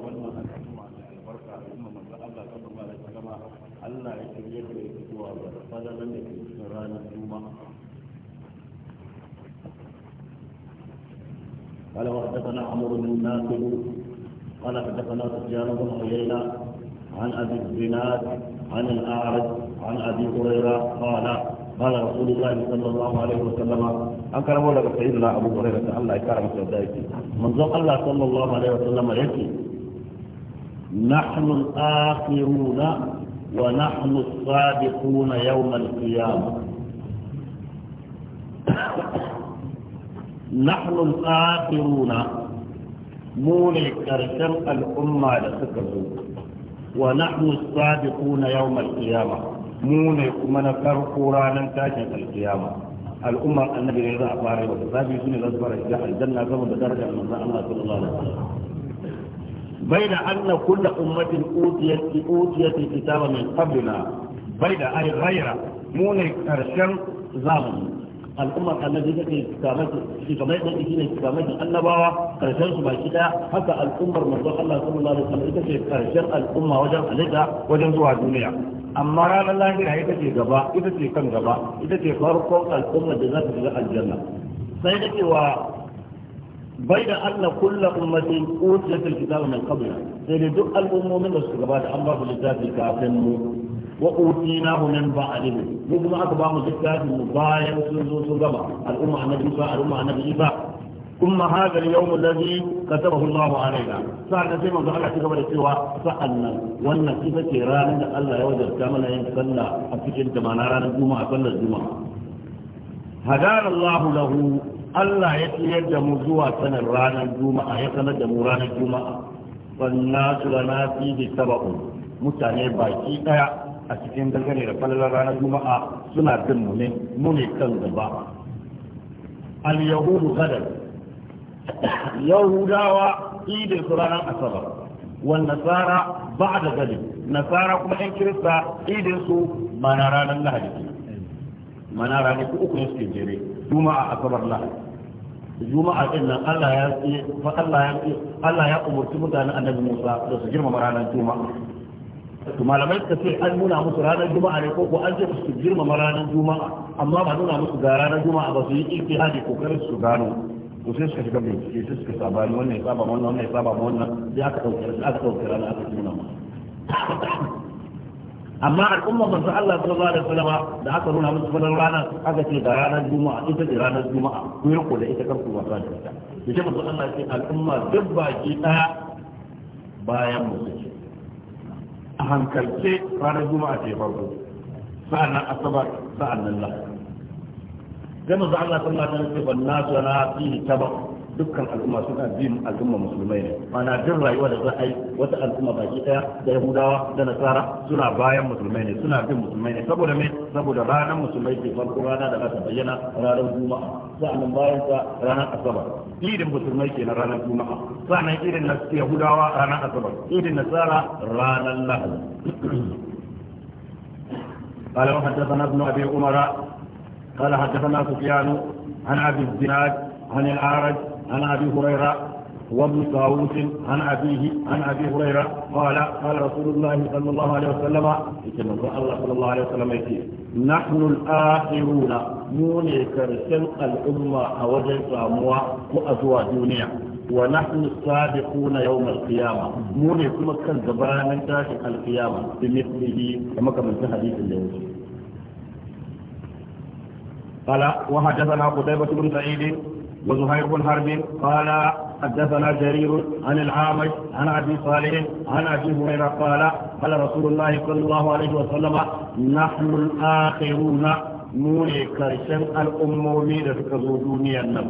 wannan al'umma ta albarka al'umma manzo قال وحدثنا عمر بن ناصر قال حدثنا سفيان بن عيينة عن أبي الزناد عن الأعرج عن أبي هريرة قال قال رسول الله صلى الله عليه وسلم أن كان مولى سيدنا أبو هريرة الله يكرمك ودائك من ذوق الله صلى الله عليه وسلم يكي نحن الآخرون ونحن الصادقون يوم القيامة نحن الآخرون مولي كرشم الأمة لسكتوا ونحن الصادقون يوم القيامة مولي كمنا كرقورانا تاجة القيامة الأمة النبي رضا أباري وتسابي سنة الأزبار جنة زمن بدرجة من الله صلى الله عليه وسلم بين أن كل أمة أوتيت أوتيت الكتاب من قبلنا بين أي غير مون كرشم زمن الأمة التي تكي كتابات في كمية تكي كتابات النبوة كرشم سبع كتا حتى الأمة مرضى الله صلى الله عليه وسلم تكي كرشم الأمة وجن عليها وجن زوها الدنيا amma ranar lahira ita ce gaba ita ce kan gaba ita ce farkon al'ummar da za ta shiga aljanna sai da cewa bai da allah kulla ummatin utiya fil kitab min qabl sai dai duk al'ummomin da suka gabata an ba su littafi kafin mu wa utina hu min ba'dihi mu kuma aka ba mu littafi mu bayan sun zo su gaba al'umma annabi Isa al'umma annabi Isa ثم هذا اليوم الذي كتبه الله علينا سعنا زي ما قال wannan قبل ce سألنا da allah ya ان الله يوجد كاملا ينسلى افتكر كما نرى الجمعة صلى الجمعة هدانا الله له Allah ya tsayar da mu zuwa sanar ranar juma'a ya sanar da mu ranar juma'a wannasu lana fi bi sab'un mutane baki daya a cikin dangane da falalar ranar juma'a suna bin mu ne mu ne kan gaba al yahudu gadar yahudawa da su ranar asabar wan nasara da gadar nasara kuma yan kirista idin su mana ranar lahadi mana ranar uku ne suke jere juma'a asabar lahadi juma'a din nan Allah ya fa Allah ya Allah ya umurci mutanen annabi Musa da su girmama ranar juma'a to malamai suka ce an nuna musu ranar juma'a ne ko ko an ce su girmama ranar juma'a amma ba nuna musu ga ranar juma'a ba su yi ijtihadi kokarin su gano to sai suka shiga bincike sai suka saba wannan ya saba wannan wannan ya saba wannan sai aka dauke aka dauke ranar aka nuna musu amma al'umma al'ummar manzo Allah sallallahu da wasallam da aka nuna musu fadar rana aka ce da ranar juma'a ita ce ranar juma'a ku yi da ita kar ku da ita da ce Allah ce al'umma duk baki daya bayan musu ce a hankalce ranar juma'a ce farko nan asabar nan lahadi sai manzo Allah sallallahu alaihi ce ban nasu na fi tabaq dukkan al'umma suna bin al'umma musulmai ne mana duk rayuwa da za a yi wata al'umma baki daya da yahudawa da nasara suna bayan musulmai ne suna bin musulmai ne saboda me saboda ranar musulmai ke farko rana da aka bayyana ranar juma'a sa'annan bayan sa ranar asabar idin musulmai ke na ranar juma'a sa'annan idin na yahudawa ranar asabar idin nasara ranar lahadi قال وحدثنا ابن ابي عمر قال حدثنا سفيان عن ابي الزناد عن الاعرج عن أبي هريرة وابن طاووس عن أبيه عن أبي هريرة قال قال رسول الله صلى الله عليه وسلم يتم الله صلى الله عليه وسلم يتي إيه؟ نحن الآخرون موني كرسل الأمة أوجه ساموا وأزوى دنيا ونحن السابقون يوم القيامة موني كما كان زبان تاشق القيامة بمثله كما كان في حديث اليوم قال وحدثنا قتيبة بن سعيد وزهير بن حرب قال حدثنا جرير عن العامش عن ابي صالح عن ابي هريره قال قال رسول الله صلى الله عليه وسلم نحن الاخرون موني كرشن الامومي لتكذو دنيا النم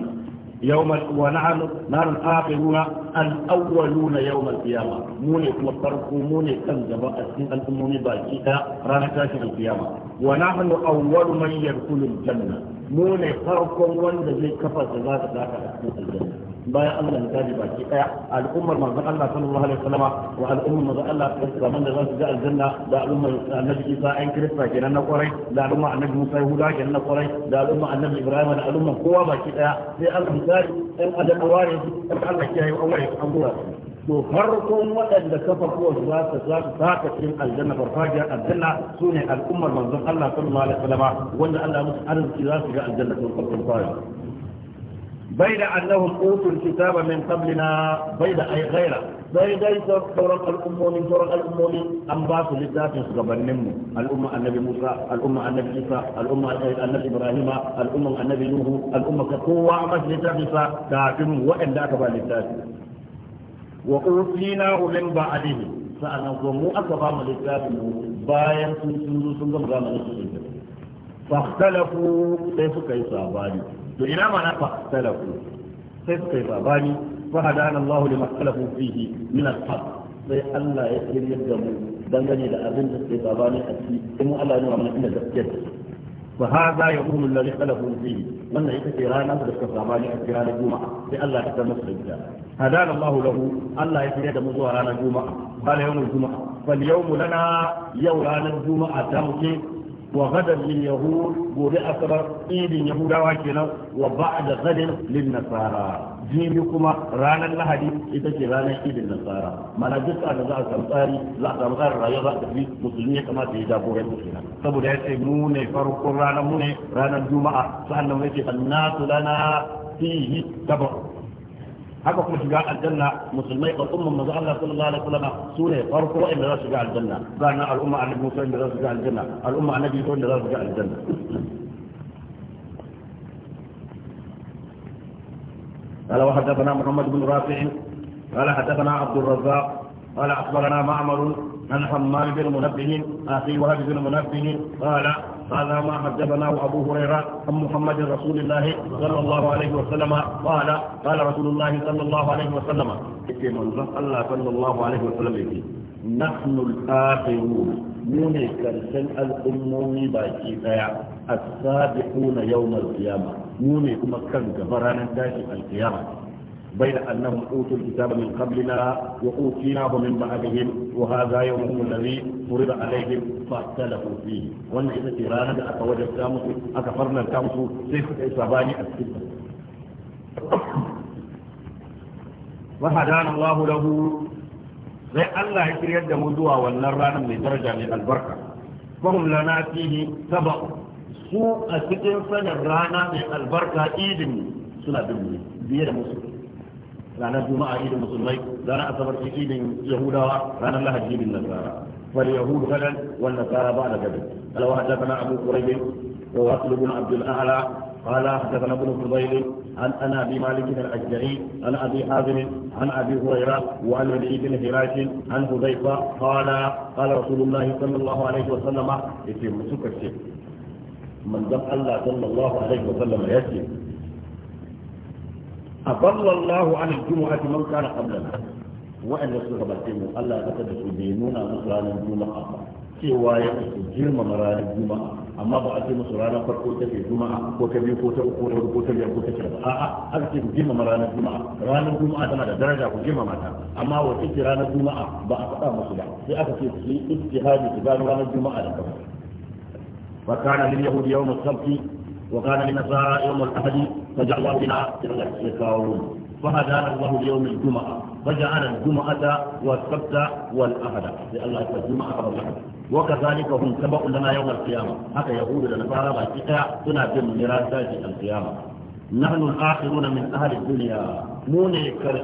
يوم ونحن نحن الآخرون الأولون يوم القيامة موني وطرقوا موني كنزبا أسنين الامومي باكيتا رانا كاشف القيامة ونحن أول من يدخل الجنة mu ne farkon wanda zai kafa da za ka zaka a cikin aljanna bayan Allah ya gaji baki daya al'ummar manzon Allah sallallahu alaihi wasallam wa al'ummar manzon Allah zaman da za su ga aljanna da al'ummar annabi Isa ayin Kirista kenan na kwarai da al'ummar annabi Musa Yahuda kenan na kwarai da al'ummar annabi Ibrahim da al'ummar kowa baki daya sai Allah ya gaji ɗan adam ware su Allah ya yi aware an gura to farkon waɗanda kafa kuwa za su za su saka cikin aljanna farfajiyar aljanna su ne al'ummar manzon Allah sallallahu alaihi wasallam wanda Allah musu arziki za su ga aljanna farkon بين أنهم أوتوا الكتاب من قبلنا بين أي غيره بين تورق الأمومين تورق الأمومين أم باسوا لذات غبن نمو الأمة النبي موسى الأمة النبي عيسى الأمة النبي إبراهيم الأمة النبي نوح الأمة كقوة عمش لذات كافر وإن ذاك بالذات wa utina min ba'dihi sa'an ko mu aka ba mu littafin mu bayan sun sun zo sun gama zamanin su sun fahtalafu sai suka yi sabani to ina mana fahtalafu sai suka yi sabani fa hadana Allah lima ikhtalafu fihi min al-haq sai Allah ya kiryar da mu dangane da abin da sai sabani a ciki kuma Allah ya nuna mana inda gaskiya فهذا يقوم الذي اختلفوا فيه وان يتكيرانا بالكفرمان يتكيرانا جمعة لألا يتمس الإجابة هدانا الله له ألا يتكيرانا مزورانا جمعة قال يوم الجمعة فاليوم لنا يورانا الجمعة تمشي وغدا لليهود بوري أكبر إيد يهودا وكنا وبعد غد للنصارى jini kuma ranar lahadi ita ce ranar idin nasara mana duk da za a samtsari tsari za a samu tsarin rayuwa za a tafi musulmi ya kamata ya jagoranci kenan saboda ya ce mu ne farkon ranar mu ne ranar juma'a sa'annan ya ce annasu lana fihi tabu haka kuma shiga aljanna musulmai al'umma manzo Allah sallallahu alaihi wasallam ne farko wa'anda za su shiga aljanna sannan al'umma annabi Musa da za su shiga aljanna al'umma annabi Isa da za su shiga aljanna قال وحدثنا محمد بن رافع قال حدثنا عبد الرزاق قال أخبرنا معمر عن حمام بن منبه أخي وهب بن منبه قال هذا ما حدثنا أبو هريرة عن محمد رسول الله صلى الله عليه وسلم قال قال رسول الله صلى الله عليه وسلم الله صلى الله عليه وسلم نحن الآخرون من كرسل الأمم باكي السابقون يوم القيامة mu ne kuma kan gaba ranar dashi alkiyama bai da annan hukutun kitab min qablina wa qutina bi min ba'dihim wa hadha yawmun alladhi murida alaihim fa talahu fi wannan ita ce ranar da aka wajen samu aka farna kansu sai suka yi sabani a cikin wa hadana Allahu lahu sai Allah ya kiryar da mu zuwa wannan ranar mai daraja mai albarka fa hum lana fihi sabab su a cikin sanin rana mai albarka idin suna bin biye da musulmi ranar juma'a idin musulmai ranar asabar idin yahudawa ranar lahadi idin nasara فاليهود غدا والنصارى بعد غدا قال وحدثنا ابو قريب وواصل بن عبد الاعلى قال حدثنا ابن فضيل عن انا ابي مالك الاشجعي عن ابي حازم عن ابي هريره وعن وليد بن هراش عن حذيفه قال قال رسول الله صلى الله عليه وسلم اسم سكر manzon Allah sallallahu alaihi wa wasallam ya ce aballa Allahu an al-jumu'ati man kana qablana wa'anda suka bace mu Allah ya da su bai nuna musu ranar juma'a ba cewa ya su girmama ranar juma'a amma ba a ce musu ranar farko ta ke juma'a ko ta biyu ko ta uku ko ta ko ta biyar ko ta shida a'a an ce ku girmama ranar juma'a ranar juma'a tana da daraja ku girmama ta amma wace ce ranar juma'a ba a faɗa musu ba sai aka ce su yi ijtihadi su gano ranar juma'a da kansu وكان لليهود يوم السبت وكان للنصارى يوم الاحد الله الى يساوون فهدانا الله ليوم الجمعه فجعل الجمعه والسبت والاحد لله الجمعه والاحد وكذلك هم سبق لنا يوم القيامه حتى يهود لنصارى باتقاء سنه من ميراثات القيامه نحن الاخرون من اهل الدنيا مو ne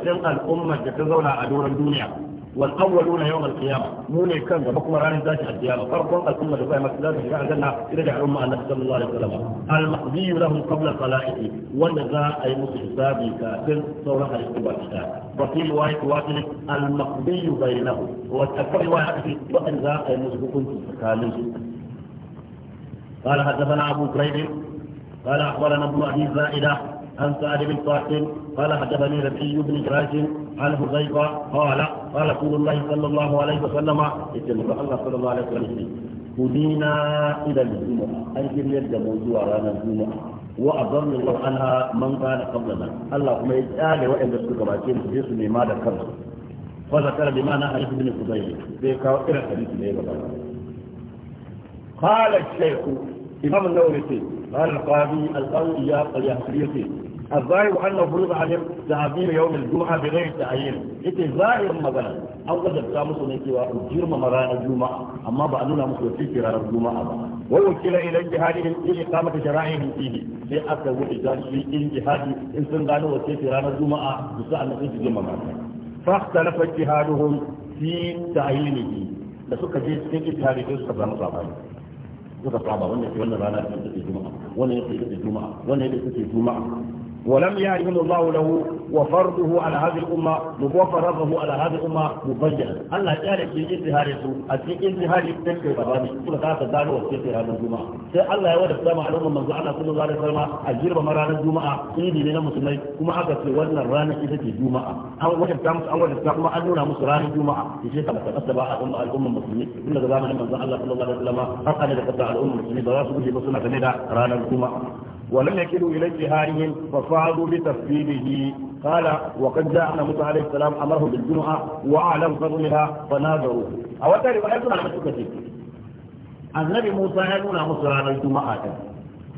الامه تتزول على دور الدنيا والأولون يوم القيامة مو كان بكم راني ذات القيامة فرق الأمة دفاع مسلات في عزلنا يرجع الأمة أن صلى الله عليه وسلم المقضي لهم قبل خلائقه والنزاع أي مستحسابي كافر صورة الاستباحات وفي رواية واحدة المقضي بينه والتكفر واحدة والنزاع أي مستحسابي كافر قال حدثنا أبو كريم قال أخبرنا ابن أبي زائدة عن سعد بن قاسم قال حدثني ربيع بن جراش عن حذيفه قال قال رسول الله صلى الله عليه وسلم اتبع الله صلى الله عليه وسلم هدينا الى الجمعه ان كم يبدا موضوع رانا الجمعه واضل الله عنها من كان قبلنا الله كما يجعل وان بسكوا باكين يسوا ما ده كبر وذكر بمعنى حديث بن قبيل بيكاو الى حديث بن قال الشيخ إمام النووي قال القاضي القاضي اليحيى الظاهر أنه فرض عليهم تعبير يوم الجمعة بغير تعيين إيه ظاهر مثلا أو قد التامس نكوى أجير مرانا الجمعة أما بعدنا مخلصين في غير الجمعة ووكل إليه هذه لإقامة شرائعهم فيه في أكثر وإجان في إنجهاد إن سنغانوا وكيف غير الجمعة بساء نقيت الجمعة فاختلف اجتهادهم في تعيينه لسوك جيد سنجد هذه الجزء قبل مصابعين suka saba wannan ce wannan rana ce take juma'a wannan yake take juma'a ya yake take juma'a ولم يعلم الله له وفرضه على هذه الأمة وفرضه على هذه الأمة مبجلا الله تعالى في انتهار يسوع أتي انتهار يتكي غباني كل هذا دار وكيف هذا الجمعة سي الله يود الأمة من زعنا صلى الله عليه وسلم أجرب مران الجمعة إيدي لنا مسلمين كما أكد في وزن الرانة إذا في جمعة أول وجه تامس أول وجه تامس أنونا مسران الجمعة يجي كما تتبع الأمة الأمة المسلمين كل زمان من زعنا صلى الله عليه وسلم أقل لقطع الأمة المسلمين براسه بجي بصنا كميدا ران الجمعة ولم يكلوا إلى جهارهم فصعدوا بتفصيله قال وقد جاء أن موسى عليه السلام أمره بالجمعة وأعلم فضلها فنازعوا أو ترى وأيضا على مسكتي annabi Musa ya nuna musu ranar Juma'a ta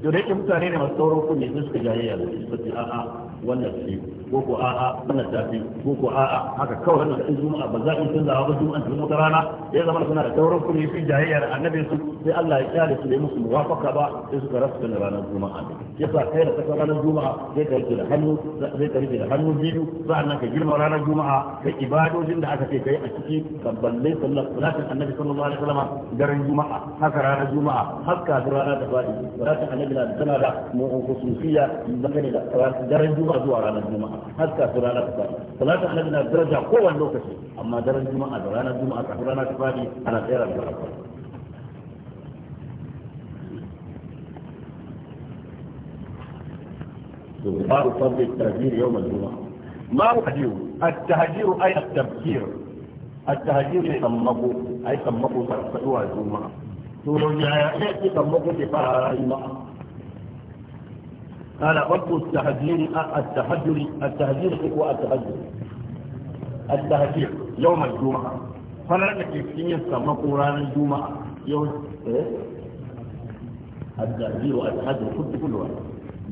to mutane ne masu sauran kunne suka a'a wannan ko ko a'a wannan tafi ko ko a'a haka kawai wannan Juma'a ba za in canza ba Juma'a ta rana ya zama suna da sauran kunne sun jayayya da annabi su sai Allah ya kyale su da musu muwafaka ba sai suka rasa da ranar juma'a yasa kai da kasar ranar juma'a sai ka rike da hannu sai ka rike da hannu biyu sa'annan ka girma ranar juma'a da ibadojin da aka ce kai a ciki ka balle sallar salatin annabi sallallahu alaihi wasallam daren juma'a haka ranar juma'a har ka rana ta fadi salatin annabi na tana da mu'ukusufiya dangane da daren juma'a zuwa ranar juma'a har ka rana ta fadi salatin annabi na daraja kowane lokaci amma daren juma'a da ranar juma'a kafin rana ta fadi ana tsayar da إظهار صلي التهجير يوم الجمعة ما هو التهجير؟ التهجير اي التبكير التهجير يسمقوا أي سمقوا فأسألوها الجمعة ترجع يأتي سمقوا كفاها الجمعة قال رب التهجير التهجر التهجير هو التهجر التهجير يوم الجمعة فلا تكفين يسمقوا ران الجمعة يوم إيه؟ التهجير والتهجر كنت كل واحد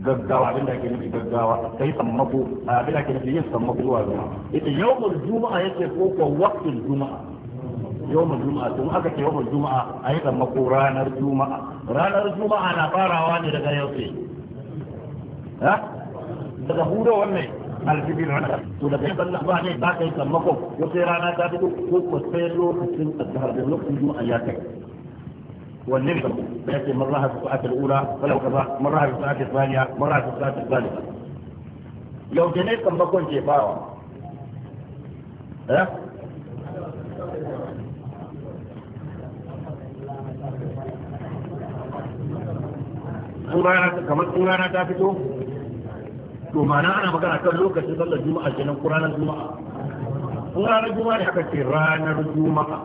gaggawa abin da ake nufi gaggawa kai sammako abin da ake nufi yin sammako zuwa zuwa ita yawmul juma'a yake ko ko wakil juma'a yawmul juma'a tun aka ce yawmul juma'a yi sammako ranar juma'a ranar juma'a na farawa ne daga yau sai ha daga hudu wannan alfibir ranar to daga yau sallah ba ne ba yi sammako ko sai rana ta fito ko ko sai lokacin a da lokacin juma'a ya kai والنبض بحيث مرها في الساعة الأولى فلو كذا مرها في الساعة الثانية مرها في الساعة الثالثة لو جنيت كم بكون جيبا ها قرانا كما قرانا تافتو كما ما انا كما تصلي الجمعه كما قرانا الجمعه كما الجمعه حكتي رانا الجمعه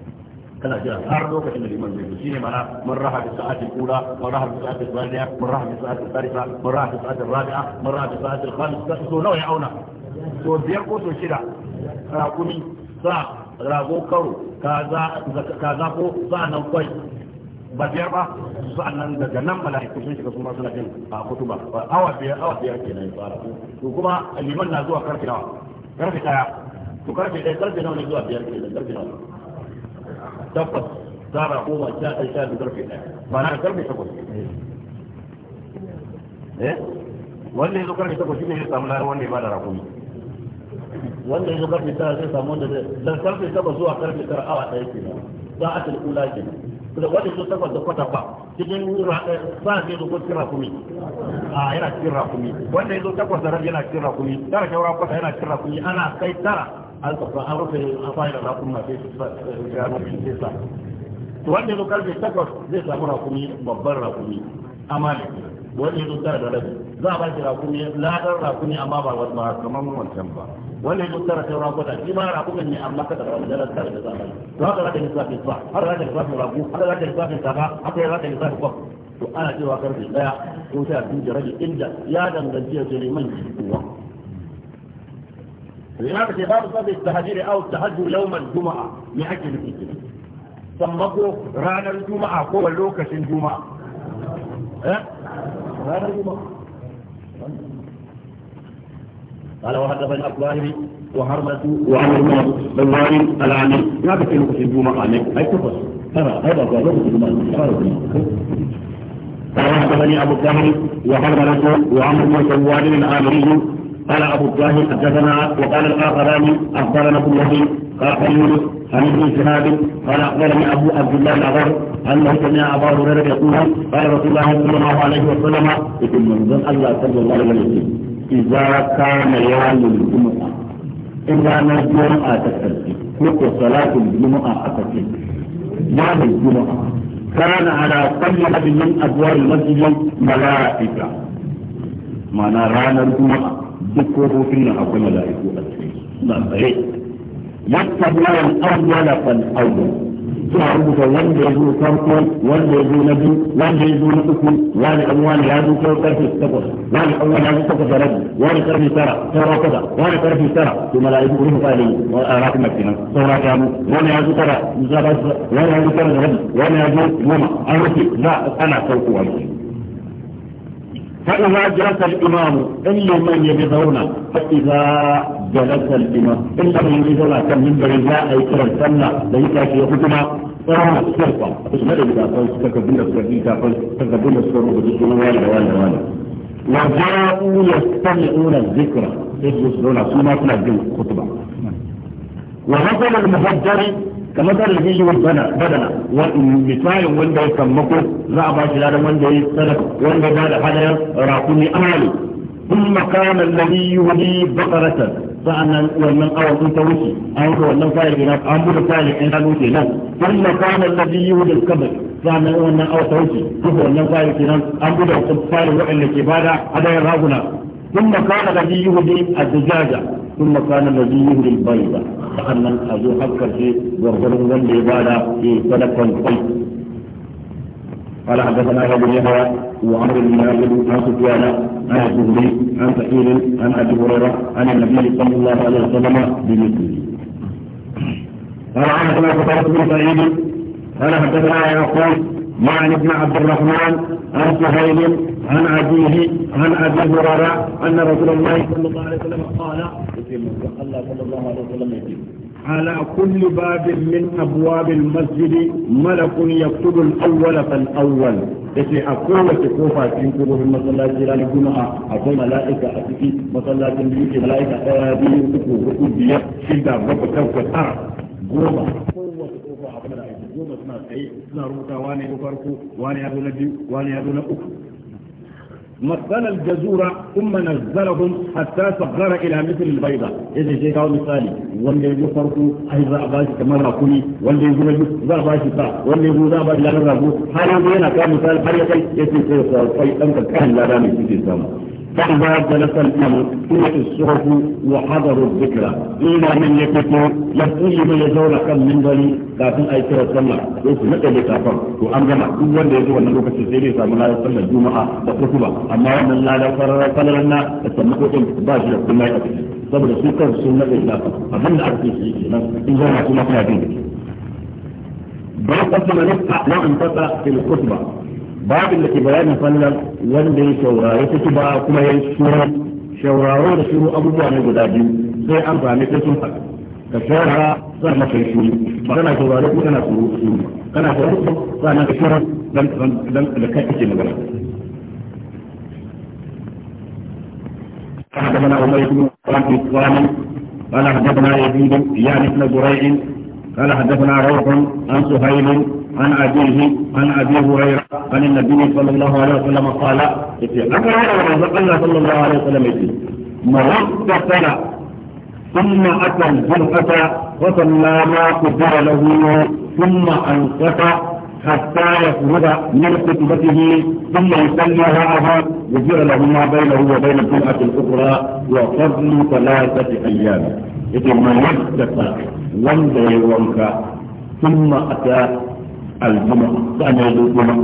kana jira har lokacin da liman zai shine mana mun raha bi sa'ati al mun raha bi sa'ati al mun raha bi sa'ati al mun raha bi sa'ati rabia mun raha bi sa'ati al-khamisa so nawa ya auna so biyar ko so shida rakumi sa rago karo kaza kaza ko nan kwai ba biyar ba sa'annan daga nan mala'iku sun shiga kuma suna jin a ba awa biyar awa biyar kenan fara to kuma liman na zuwa karfe nawa karfe daya to karfe daya karfe nawa ne zuwa biyar kenan karfe nawa takwas tara goma sha ɗai sha da karfe ɗaya ba na karfe takwas eh wanda ya zo karfe takwas shi ne ya samu lara wanda ya bada rakumi wanda ya zo karfe tara zai samu wanda zai dan karfe takwas zuwa karfe tara awa ɗaya ke nan za a kula ke nan wanda ya zo takwas da kwata ba cikin sa eh, zai zo cikin rakumi a yana cikin rakumi wanda ya zo takwas da rabi yana cikin rakumi tara kyau kwata yana cikin rakumi ana kai tara an tsafa an rufe an fahimta rakun masu eh, ya mafi zai sa to wanda zo karfe takwas zai samu rakumi babban rakumi amma ne wanda ya zo tara da rabi za a ba shi rakumi ladar rakumi amma ba wasu ba kamar wancan ba wanda ya zo tara sai rakuna shi ma rakumin ne amma kada da wanda tara da za a to haka zaka lissafi ba har zaka lissafi ragu har zaka lissafi saba haka zaka lissafi kwaf to ana cewa karfe daya ko sai a duba rabi inda ya danganci ya ce ne man kuwa لماذا في باب التهجير او التهجر يوم الجمعه من اجل كده سمكو رانا الجمعه هو لوكس الجمعه ها رانا الجمعه قال بن الظاهري وحرمة وعمر بن بزاري العامي لا تكلم في الجمعة عليك أي تفصل هذا هذا هذا هذا الجمعة قال بني أبو الظهري وحرمة وعمر بن سواد العامري قال أبو الله حدثنا وقال الآخران أخبرنا ابو الله قال يونس عن ابن شهاب قال أخبرني أبو عبد الله الأغر أنه سمع أبا هريرة يقول قال رسول الله صلى الله عليه وسلم ابن منزل الله صلى الله عليه وسلم إذا كان يوم الجمعة إذا الجمعه تكتب مثل صلاة الجمعة أتكلم يوم الجمعة كان على كل من ادوار المسجد ملائكة معنى رانا الجمعة duk kofofin nan akwai mala'iku a cikin suna tsaye yaktabuna al-awwala fal-awwal suna rubuta wanda ya zo farko wanda ya zo na biyu wanda ya zo na uku wani dan wani ya zo kai karfe takwas wani dan wani ya zo takwas da rabi wani karfe tara saura kaza wani karfe tara to mala'iku ku rubuta ne a rafin makinan saura ta mu wani ya zo tara za ba wani ya zo tara da rabi wani ya zo goma an rufe za ana saukowa ne فإذا جلس الإمام إلا من يبدون فإذا جلس الإمام إلا من يبدون كم من برزاء يكرر سنة ليس في حكمة قرآن السرطة مش مدى بدا قوي تكبين السرطة تقول تكبين السرطة بجسون والا والا والا وجاءوا يستمعون الذكرى يجلسون سنة الخطبة وهذا المهجر kamar da rage yi bana badana misalin wanda ya sammako za a ba shi ladan wanda ya sadaka wanda ya da hadayar rakumi amali ثم كان الذي يهدي بقرة فأنا ومن أول أنت وشي أنت ومن فارق هناك أنت فارق إنسان وشي لا ثم كان الذي يهدي الكبر فأنا ومن أول توشي هو ومن فارق هناك أنت فارق وإن الكبار هذا يرهبنا ثم كان الذي يهدي الدجاجة ثم كان الذي يهدي البيضة فأنا أزو حكر في من والعبادة في سلك الخلق قال حدثنا أبو يحيى وعمر بن عبد عن سفيان عن الزهري عن سعيد عن أبي هريرة عن النبي صلى الله عليه وسلم بمثله قال حدثنا فترة بن سعيد قال حدثنا أخوان وعن ابن عبد الرحمن عن سهيل عن أبيه عن أبي هريرة أن رسول الله صلى الله عليه وسلم قال الله صلى الله عليه وسلم على كل باب من أبواب المسجد ملك يكتب الأول فالأول إذا أقول تكوفا تنكر في المصلاة الى كنا أقول ملائكة أتكي مصلاة بيوتي ملائكة أرابي وتكو وكو بيك شدا بكو كوكو تار tsaye suna rubuta wane ya farko wane ya zo na biyu uku مثل الجزورة ثم نزلهم حتى صغر إلى مثل البيضة إذا جاء مثالي واللي يفرق أي ضرباش كما راكوني واللي يقول ضرباش با واللي يقول ضرباش لا نرابو هل يمينا كان مثال حريقي يقول يسي سيصال أنت كان لا رامي في سيصال فإذا جلس الملك قيلت الصحف وحضر الذكرى إلى من يكتو يبتلي من يزور كم من ذلي كافي أي كرة صلى يوسف نتألي كافر وأم جمع كل يزور أنه في السيري سامنا وسلم الجمعة وخطبة أما الله لا قرر صلى لنا التمكوكم باشرة كما يكتو saboda su kan sun nade da abin da ake yi kenan in zama kuma kana bin ba ka tsama ne babin da ke bayanin fallan wanda ya saurari ta ba kuma ya shuru shauraro da shuru abubuwa ne guda biyu sai an sami ta sun faɗa ka shara za ma kai shuru ba kana saurari ko kana shuru shuru kana shuru za ma ka shara dan dan da kai kake magana حدثنا عمر بن عثمان قال حدثنا يزيد يعني ابن زريع قال حدثنا روح عن سهيل عن أبيه عن أبي هريرة عن النبي صلى الله عليه وسلم قال أقرأ الله صلى الله عليه وسلم مرد سنة ثم أتى الجرأة وصلى ما قدر له ثم أنصت حتى يخرج من خطبته ثم يصلي معها وجر له ما بينه وبين الجمعة الأخرى وفضل ثلاثة أيام إذا من يغتسل ثم أتى الجمعة فأنا الجمعة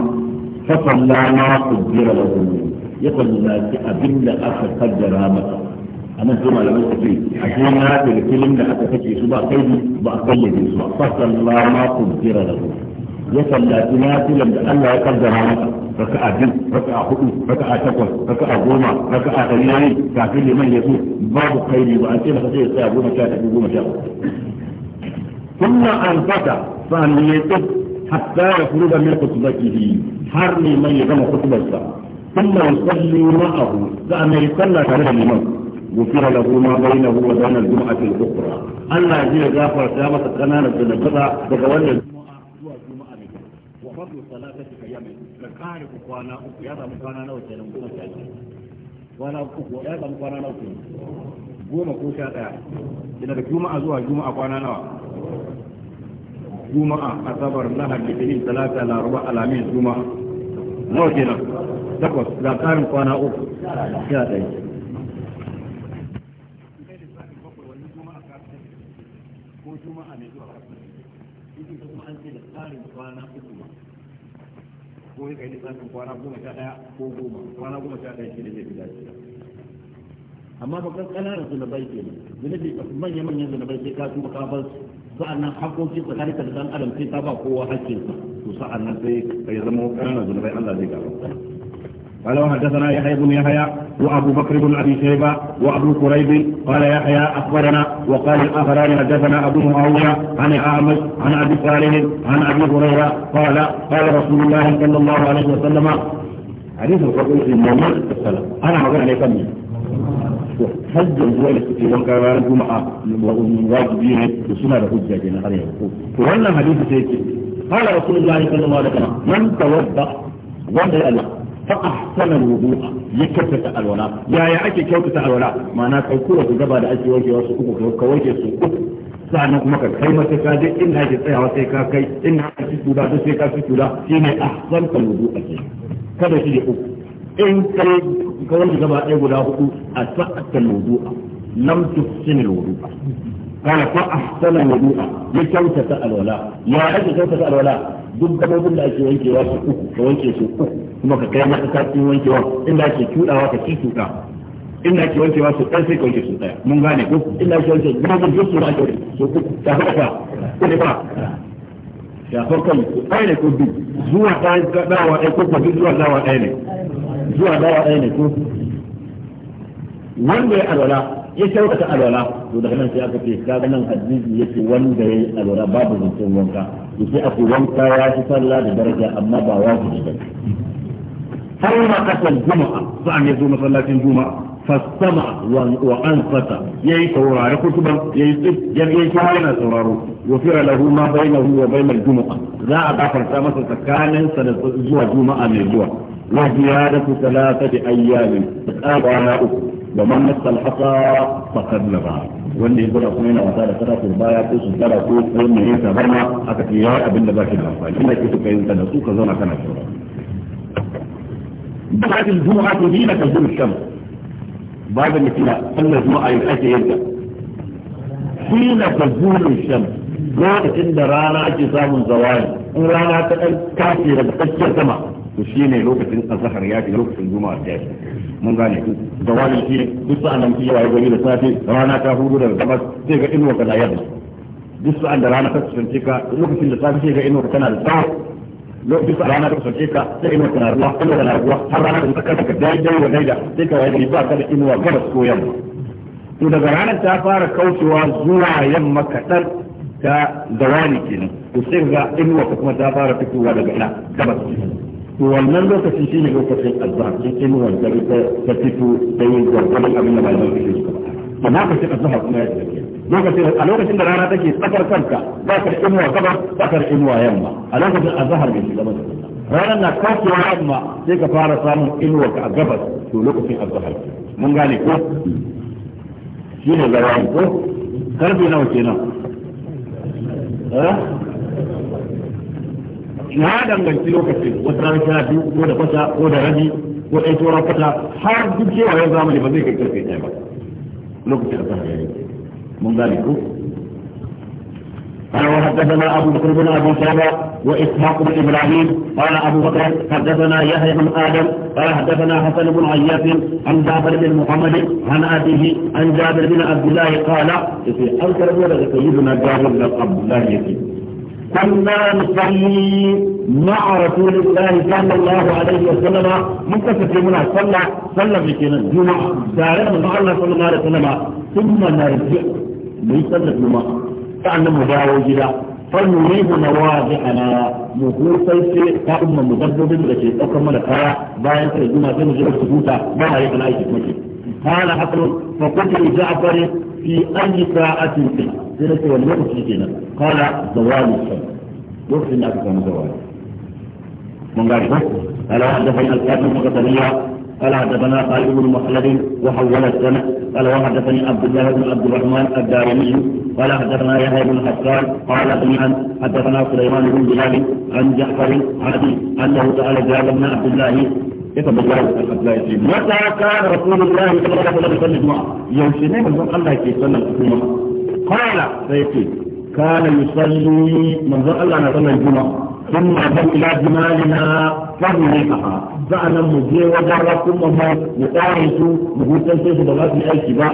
فصلى ما قدر له يقول لا تأبن لأخر قدر مكة أنا الجمعة لم تفي عشان هذا الكلم لأتفكي سبا قيدي في سبا فصلى ما قدر له يصلى تناتي لم لا يقدر مكة ركعة جن ركعة خطو ركعة تقوى ركعة غوما ركعة تنياني كافر لمن يسوع باب قيدي وأنت لفتي يستيقظون شاتك وقوم شاتك ثم أنفتح فأن يتب حتى يخرج من خطبته حر من يقام خطبته ثم يصلي معه فأما يصلى كان الإمام غفر له ما بينه وبين الجمعة الأخرى ألا يجي جافر سامة قناة الجنبة بقوال الجمعة والجمعة وفضل في أيام فكارك قوانا أخو يضع مقوانا نوتي لنقوم شاكي وانا أخو يضع مقوانا نوتي قوم ko sha ɗaya ina da juma'a zuwa juma'a kwana juma'a asabar lahar litinin talata laraba alamin juma'a nawa kenan takwas ga karin kwana uku ɗaya ko yi kai lissafin kwana goma sha ɗaya ko goma kwana goma sha ɗaya shi zai fi amma ba kananan zunubai ke ne zunubi manya manyan zunubai sai ka tuba ka sa'annan hakoki tsakanin ka dan adam sai ka ba kowa hakkin sa to sa'annan sai ya zama kananan zunubai Allah zai gafarta قال وحدثنا يحيى بن يحيى وابو بكر بن ابي شيبه وابو كريب قال يحيى اخبرنا وقال الاخران حدثنا ابو معاويه عن اعمش عن ابي صالح عن ابي هريره قال قال رسول الله صلى الله عليه وسلم حديث الرسول في المؤمن انا هقول عليكم hajjar zuwa da suke wanka ranar juma'a wajibi ne to suna da hujja kenan har yanzu to wannan hadisi sai yake qala rasulullahi sallallahu alaihi wasallam man tawadda wanda ya فأحسن الوضوء يكتت الولاء يا يا أكي كوتت الولاء ما أنا كوكوة زبا دا أكي وجه وسقوك كوجه سقوك sa'annan kuma ka kai mata ka je inda ake tsayawa sai ka kai inda ake fito da sai ka fito da shine ahsan kalwudu ake kada shi ne uku in kai wani gaba ɗaya guda hudu a sa'atul lodu'a lam tuhsin al-wudu'a kana ko ahsana al-wudu'a ya kyautata alwala ya ake kyautata alwala duk gabobin da ake wankewa su uku ka wanke su uku kuma ka kai maka kafin wankewa inda ake cuɗawa ka ci cuɗa inda ake wankewa su ɗan sai ka wanke su ɗaya mun gane ko inda ake wanke gabobin duk su ake wanke su uku ta haka ko ne ba shafar kai ɗaya ne ko duk zuwa dawa ɗaya ko kwafi zuwa dawa ɗaya ne zuwa dawa ɗaya ne ko wanda ya alwala ya kyautata alwala to daga nan sai aka ce kaga nan hadisi yake wanda ya yi alwala babu zancen wanka yake ake wanka ya fi sallah da daraja amma ba wajibi ba har ma kasar juma'a sa'an ya zo masallacin juma'a فاستمع وانصت يي سوراري كتبا يي يي كما yana sauraro يفر له ما بينه وبين الجمعة لا أتعفر سامة تكان سنزوى جمعة من الجوع وزيادة ثلاثة أيام أبعنا أكو ومن نفس الحصى فقد نبع واللي يقول أصمينا وتعالى ثلاثة الباية كوس ثلاثة كوس وإن هي تبرنا أكتياء أبن لباك الأنفال إلا كيسو كيسو تنسو كزونا كان شورا بعد الجمعة تدينة كالجم الشمس بعد المثلة صلى الجمعة يؤتي يلقى حين تزول الشمس lokacin da rana ake samun zawali in rana ta ɗan kafe daga tsakiyar sama to shi ne lokacin azahar ya fi lokacin juma'a ta yi mun gane ku zawali shi duk sa'an da mutum ya wayi gari da safe rana ta hudu daga gabas sai ga inuwa kana yamma duk sa'an da rana ta kusance ka lokacin da safe sai ga inuwa kana da tsawo duk sa'an rana ta kusance ka sai inuwa kana ruwa inuwa kana ruwa har rana ta kusance ka daidai wa daida sai ka wayi gari ba ka da inuwa gabas ko yamma to daga ranar ta fara kaucewa zuwa yamma kaɗan ta zawani kenan to sai ga inuwa kuma ta fara fitowa daga ina gabas to wannan lokacin shi ne lokacin azhar sai inuwa ta ta fito da yin gwargwadon abin da malaman suke suka faɗa amma ka ce azhar kuma ya ce lokacin a lokacin da rana take tsakar kanka ba ka da inuwa gabas ba ka da inuwa yamma a lokacin azhar ne shi gabas ranar na kasuwa yamma sai ka fara samun inuwa ka a gabas to lokacin azhar mun gane ko shi ne zawani ko karfe nawa kenan na eh? danganci lokacin wata rana sha biyu ko da kwata ko da rabi ko ɗaya sauran fata har duk kewayen zamani ba zai kai karfe ɗaya ba lokacin da ta hanyar mun gane ko قال وحدثنا ابو بكر بن ابي شيبه واسحاق بن ابراهيم قال ابو بكر حدثنا يحيى بن ادم قال حدثنا حسن بن عياش عن جابر بن محمد عن ابيه عن جابر بن عبد الله قال في حلقه الاولى سيدنا جابر بن عبد الله كنا نصلي مع رسول الله صلى الله عليه وسلم منتصف يومنا صلى صلى كنا جمعه دائما مع الله صلى الله عليه وسلم ثم نرجع ليس الجمعه كان مجاوز فنريد مواضعنا نقول سيسي كأم مدبب لكي أكمل كرا باين تريدنا في مجرد سبوتا ما هي بلاي تكمشي هذا حصل فقلت لجعفر في أي ساعة تلك سيرت والوقت لكينا قال زوال الشمس وقت الناس كان زوال من قال بس على واحدة في الكاتب المقتلية قال حدثنا خالد بن مخلد وحول السنة قال وحدثني عبد الله بن عبد الرحمن الدارمي قال حدثنا يحيى بن حسان قال ابن جميعا حدثنا سليمان بن بلال عن جعفر عدي انه سال جابر بن عبد الله متى كان رسول الله صلى الله عليه وسلم يصلي الجمعه؟ يوشني الله كي يصلي الجمعه قال فيكي كان يصلي من الله صلى الجمعه ثم ذهب الى جمالنا wannan ne kafa za a nan mu je wajen rakun mu mu tsare su mu hutar su ba za su yi aiki ba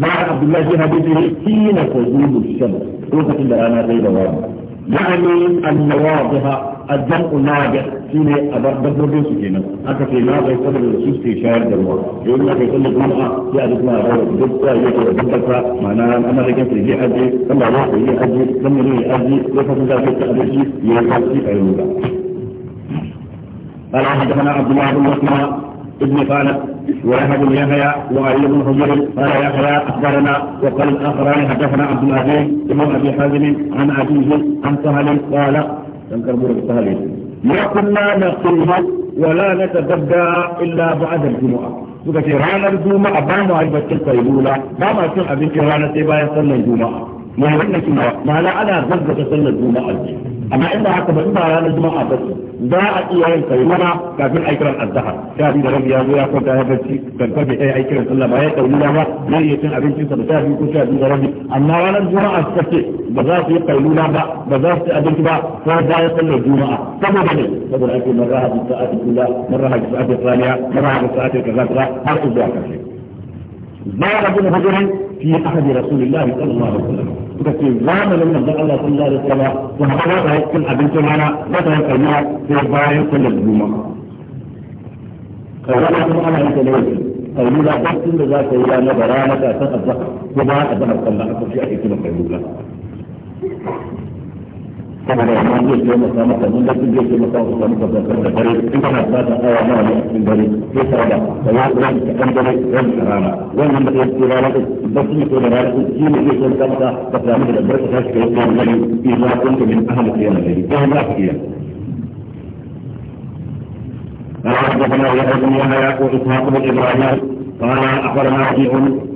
za a abdullahi hadisi ne kina ko zulu shan lokacin da rana zai da wani يعني النواضح الجمع ناجح في أبر دبر بن سكينة أكا في ناظر قدر الرسوس في شهر دلوة يقول لك يقول لك مرأة في أدت ما أرى دبتا يكو دبتا معنا أنا رجعت لي أجي كما راح لي أجي كم لي أجي لفت ذلك أبشي يفت في قال حدثنا عبد الله بن مسلم ابن خالد ويحيى بن يحيى وعلي بن حجر قال يحيى اخبرنا وقال الاخران حدثنا عبد العزيز بن ابي حازم عن عزيز عن سهل قال تنكر بورك سهل ما كنا نقتله ولا نتبدى الا بعد الجمعه suka ce الجمعه ما معرفه تلك الاولى ما معرفه ma cin abincin ranar sai mai wannan kuma ba na ana gaggata sallar juma'a ce amma in ba haka ba in ba ranar juma'a ba za a iya yin kaimana kafin a kiran azhar kafin da rabi ya zo ya kwanta ya barci kan karfe ɗaya a kiran sallah ba ya kauri ba zai iya cin abincin sa da sha biyu ko sha biyu da rabi amma ranar juma'a suka ce ba za su yi kailula ba ba za su ci abinci ba ko bayan sallar juma'a saboda ne saboda ake marraha bi sa'atul ula marraha bi sa'atul thaniya marraha bi sa'atul kaza har zuwa karshe زاد بن حجر في أحد رسول الله صلى الله عليه وسلم تكفي زام لما نبدأ الله صلى الله عليه وسلم وهذا هو كل أبن سمعنا فتح الكلمات في الباية كل الجمعة فهذا كما أنا أنت لوجه قيلولة بس إن ذاك إلى نبرانك أسان الزهر وما أبنى الصلاة أكثر شيء أكثر قيلولة saboda wannan zai taimaka maka mun dakin zai taimaka maka samu ka zakar da dare in kana fata awa nawa ne a cikin dare sai ka raba da ya kuma ka kan dare ran ka rana wannan da yake rana da bakin ko da rana shi ne zai taimaka maka ka samu da barka ta shi da dare in ma kun ka min ahli kiyama dare ko ma kiyama قال حدثنا يحيى بن يحيى واسحاق بن ابراهيم قال اخبرنا وكيع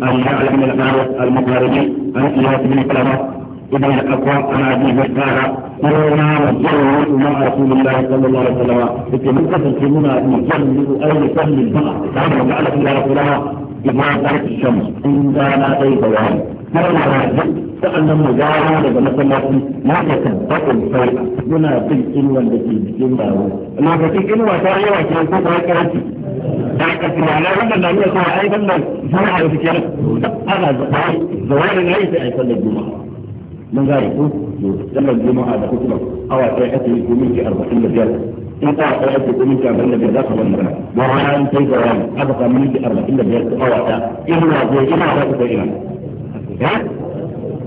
ان يعلم بن الحارث المقاربي عن اياس بن سلمه ابن الاقوى عن ابي هريره قالوا رجل مع رسول الله صلى الله عليه وسلم يتمنى تلقيمنا يجلد أي سهل البقع تعالوا جعلت يا رسول الله إذا طلعت الشمس إن كان أي بيان فأنا رجل سألنا مجارة لما مثلا ما تتبقى الفرق هنا في الإنوى التي بكلمة ما تتبقى إنوى تارية وكلمة تتبقى ذاك في على هذا لا يقع أيضا فرع في كلام هذا زوال ليس أيضا الجمعة من ذلك لما الجمعة هذا كتب أو أتيحته منك أربعين رجال إن أتيحته منك أربعين رجال لا قبل لنا وعن سيد وعن أبقى منك أربعين رجال أو أتى إيه إيه إيه إلا بجمع لا تتعلم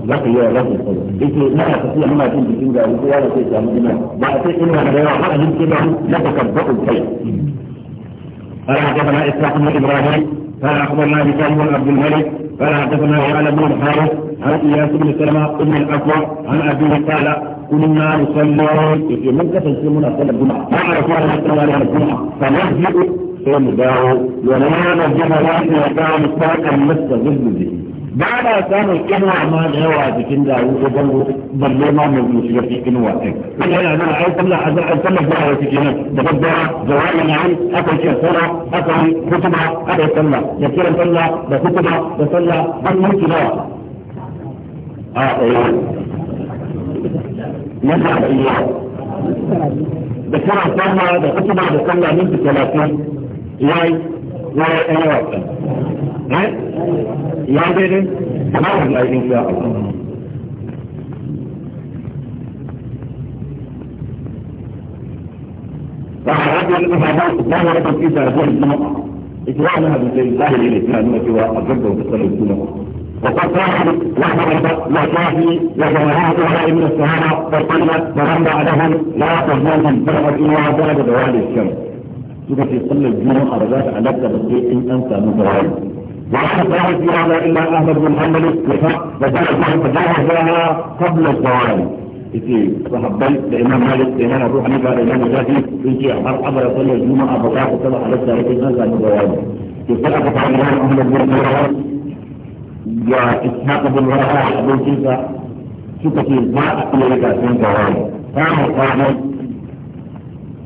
لقي يا رب إذا لا تستطيع ما يكون في جنة ولا شيء يا مجمع بأتي إنها لا يعرف من كلهم لا تكبر الخير قال حدثنا إسحاق بن إبراهيم قال أخبرنا بكامل عبد الملك قال حدثنا يعلى بن الحارث عن اياس بن سلمى بن الاقوى عن ابيه قال كنا نصلي في مكه سلمنا صلى الجمعه مع رسول الله صلى الله عليه وسلم فنهزئ ثم داو ولا نرجع واحد وكان مستقر مستغل به ba na samun kinwa ma da yawa a jikin dawo ko bango balle ma mai musu ya fi kinwa ɗin wani yana nuna ai sallah a zai sallah ba wasu kenan da babbawa da wani na yi aka yi sallah aka yi kutuba aka yi sallah da kiran sallah da kutuba da sallah an mutu nawa a ɗaya na ba da iya da kiran sallah da kutuba da sallah minti talatin ya yi ويتوافى يعدل معهم الأيدي إن شاء الله وحرقنا الأفعادات ظهرت الإساءة في النقطة إجراءنا من الله الإسلام وجواء الرب وتصلي السنة وقد صاحب وحدة وكافي وجماعات وراء من الصحابة فقلت ورمى عليهم لا تظلم فرقة إلا درجة دوال الشمس إذا في صلى الجمعة أرجاك على التبسيء إن أنت مدرعين وأحد لا يجب على إلا أحمد بن حمد الاستفاق وجعله تجاهزها قبل الزوال إتي صحب بيت لإمام مالك لإمام أبو حنيفة لإمام جاهي إنتي أحمد أبرا صلى الجمعة أبقاك وطلع على التبسيء إن أنت مدرعين يستقف على إمام أحمد بن حمد يا إسحاق بن رواح بن سيسا شو تكيز ما أقول لك أسنين كهوان فاهم فاهم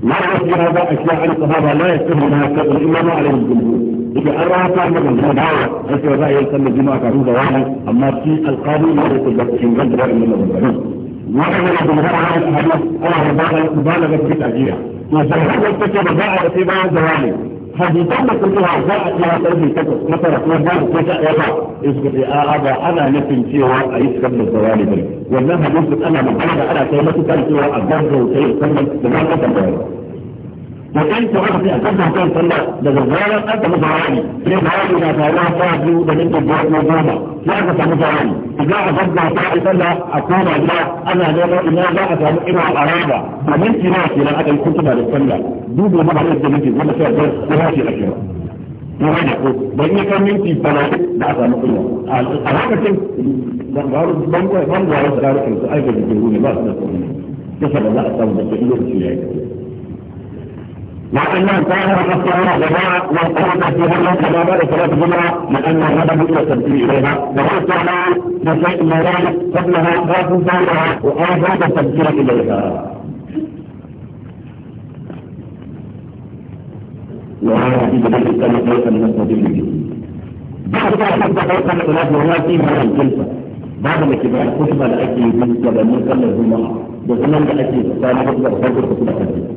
ما عندي هذا أشياء عن الصحابة لا يستمر لها الشيء إلا ما عليه الجمهور إذا أرى كان من الجماعة أنت وضع يسمى الجماعة كعروضة دوانا أما في القاضي ما يقول لك إن غدر إلا الله بالبنون وأنا الجمهور على الحديث أنا مبالغة في تأجيرها وزهر التكبر باع في بعض دواني hadisan da kuma za a kira karfi takwas masara ko ba ko ta ɗaya ba a ba ana nufin cewa a yi cikar da zawali ne wannan hadisin ana magana da ana kai matuƙar cewa a gaggauta yi sannan da za ka tambaya وكان تعرف أكثر كان صلى لزرقاء قد مزعاني ليه معاني انا فعلها صاحبه بنت الجواب مزعاني لا أكثر مزعاني إذا أفضل صاحبي صلى أكون أجلاء أنا انا إلا لا أفهم إلا الأرابة ومن تناسي لأ أكل كنت بعد انا دوبوا ما بعد الجميع وما فيها جرس وناسي أكثر Yana ko انا ya kan minti talatin da aka samu kunya. A lokacin bangwaren انا rarrakin su aika da jiru ne ba su da kuma. Kisa انا za a samu انا ke iya su انا yi. لكنها ظاهرة الصورة جماعة والقرآن في هذا كبابة صلاة الجمعة لأن الغضب لا تبدي إليها وقال تعالى بشيء ما ذلك قبلها لا تزالها وآيات التبشير إليها وهذا في بداية السنة من بعد ذلك بعد ما كبار الخطبة لأجل من من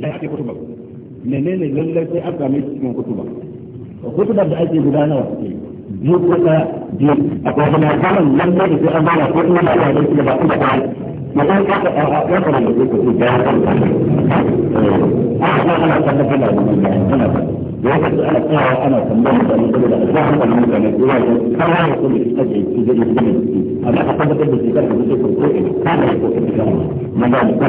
da ake kutuba menene lallai sai an same cikin kutuba kutubar da ake gudanarwa suke biyu ko biyu akwai kuma zaman lallai da sai an bada ko kuma ba su da ba su da ba mutum ka ka ya da su su da ya fara a ba ana tabbatar da ana tsawa ana a zahar da mutane ne ka tabbatar da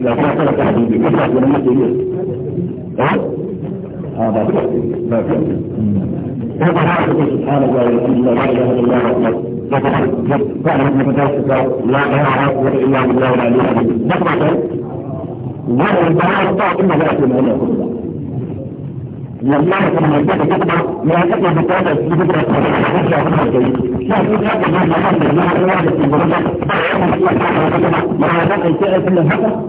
لو حصل تحديد يطلع لما تريد اه بس بس هذا حاجه سبحان الله لا اله الا الله وحده فعلا متكاسفة لا غيرها إلا بالله العلي العظيم نقرأ ذلك وهذا البراءة الطاعة إما لا يكون هنا لما كان مجدد تقطع لا تقطع بالطاعة في فكرة ترجع منها الجيد لا في هذا ما يحصل لها الواحد في البرجة بعد أن يحصل لها ما هذا الشيء في الهدف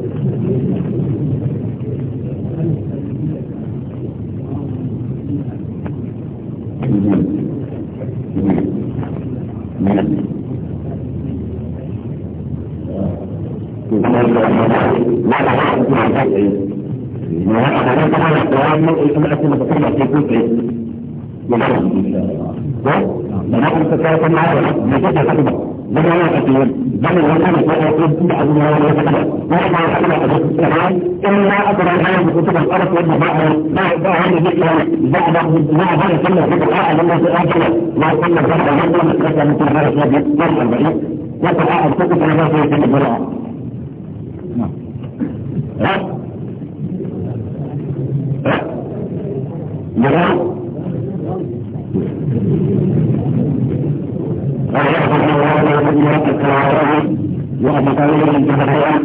Gracias. بمناقبهم بل الإمام الخطيب بأبناء ويتكلم ويقع الحمد الإسلام إلا أطلع الآن بكتب الأرض والمباعة بعد ذكر بعد بعد كل ذكر آه لما تأكل وكل ذكر هذا مثل مثل هذا الشيء يرجع بعيد وكل آه الكتب أنا بس يتم البراءة نعم نعم ويأخذ من هذا الأمر التعارض وأبطاله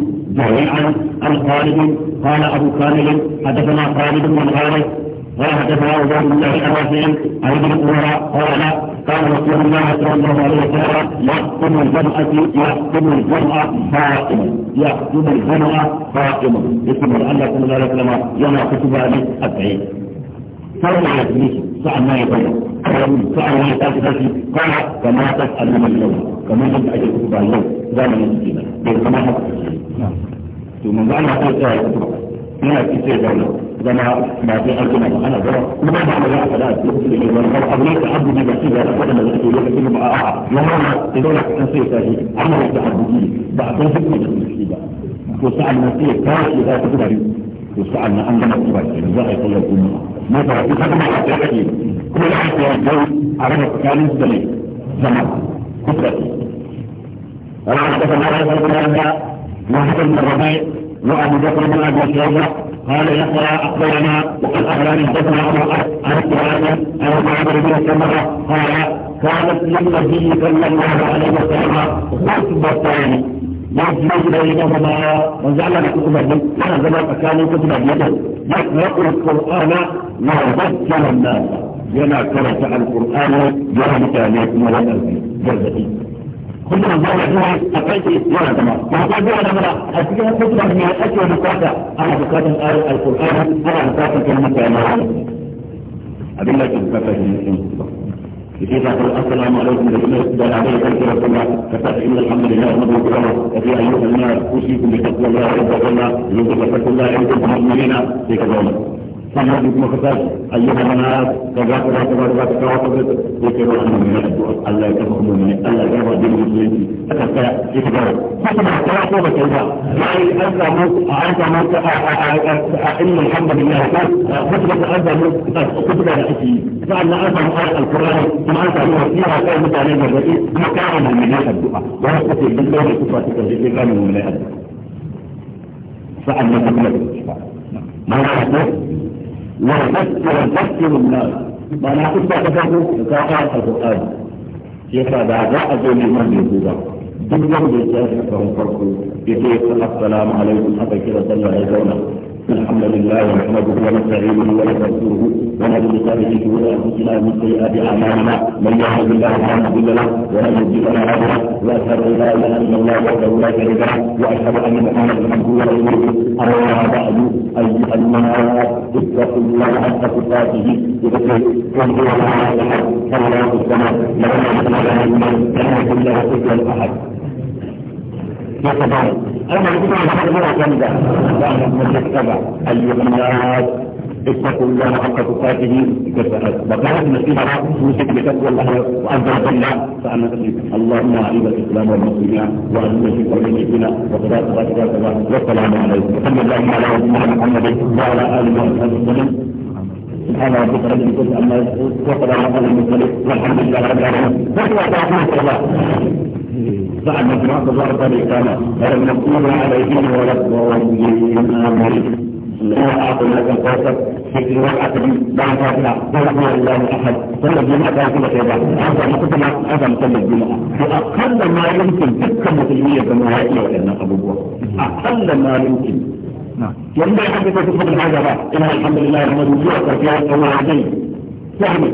الخالد قال أبو كامل حدثنا خالد بن خالد قال حدثنا عباد الله الرافعي عن ابن عمر قال قال رسول الله صلى الله عليه وسلم يحكم الجمعة يحكم الجمعة فاطمة يحكم الجمعة فاطمة اسم الله صلى الله عليه وسلم يوم كتب عليه التعيين صلى على ابليس ساعة ما يضيع ساعة ما يتعرف ذاتي قال كما تسأل من اليوم كما تبدأ أجل كتب اليوم دائما يسكينا بل كما حفظ ثم قال ما تسأل يا كتب هنا كتير دولة كما ما في أرجنا وأنا جرى وما بعد لا فلا يقتل إلي والله أبنيت عبد لي بسيطة لقدم لك في لك كلمة أعا يوم تدولك نصير تاجي عمل التعبدين بعد ذلك من المسيبة وساعة المسيح تاجي ذات كتب وسألنا أن نقصد الزائق الأمة ماذا يتحدث عن التحديد كل عشر الجو عرفت كان الدليل زمان كتبتي أنا أعتقد أن هذا الكلام من الربيع وأبو بكر بن أبي شيبة قال يا يقرأ أخبرنا وقد أخبرني حدثنا أبو أحد القرآن أبو عمرو بن مرة قال كانت للنبي صلى الله عليه وسلم خطبتان ya ji ya ji dai kan kuma manzo Allah da kuma ne yana zama tsakanin kuma da yadda ya yaqra qur'ana na yadhkuru an-nas yana karanta al-qur'ana ya mutane kuma wannan gargadi kuma manzo Allah ya a kai yana zama ba ka ji wannan ba a cikin kuma ne ake bukata ana bukatan ayat al-qur'ana ana bukatan kuma mutane abin da ke bukata ne كيف تقول السلام عليكم ورحمه الله وبركاته رسول الله فقال ان الحمد لله نحمده ونستعينه وفي ايها الناس اوصيكم بتقوى الله واتقوا الله واتقوا الله انتم مؤمنين في كذلك فما بكم خطاب ايها الناس تذكروا تذكروا تذكروا تذكروا ان من الله يكفر من الله يكفر بالمسلمين يتجاوز حسب الاحتراق هو التوزيع يعني انت موت انت ان الحمد لله كتب انت موت كتب الاسيين فان انت مؤرخ القران ثم انت هو فيها كان متعلم الرئيس مكان من ملاك الدعاء ورقه بالدور الكفره تجد كان من ملاك الدعاء فان تقبل الاشفاع ما نعرفه وذكر ذكر الناس ما نعرفه كتابه كتاب القران يفرد من يهودا duk wanda ya tashi a kan farko ya ce assalamu alaikum haka kira sallah ya zauna الحمد لله نحمده ونستعينه ونستغفره ونعوذ بالله من شرور انفسنا ومن سيئات اعمالنا من يهده الله فلا مضل له ومن يضلل فلا هادي له واشهد ان لا اله الا الله وحده لا شريك له واشهد ان محمدا عبده ورسوله اما بعد ايها الناس اتقوا الله حق تقاته بذكره قل هو الله احد الله الصمد لم يكن له الا هو احد يتبعي أنا أقول لك أنا أقول لك أنا أقول لك اتقوا الله حق تقاته كفاءات بقى المسيح راح مسك بتقوى الله وأنزل الله فأنا اللهم أعيد الإسلام والمسلمين وأعيد الشكر للمسلمين وصلاة الله والسلام عليكم وصلى اللهم على سيدنا محمد وعلى آله وصحبه وسلم سبحان ربك رب العزة عما يصفون وسلام على المرسلين والحمد لله رب العالمين. بعد ما تظهر طريقنا فلم نقول عليهم ولا مريض لا أعطي لك القوصر فكر وقت بعد هذا ورحمة الله أحد صلى الجمعة كان كل كذا أربع مقدمة أدم صلى الجمعة ما يمكن تذكر مسلمية النهائية وإن أبوه أقل ما يمكن يمنع حد تذكر الحاجة بقى إن الحمد لله الحمد لله هذا الله عليه فهمت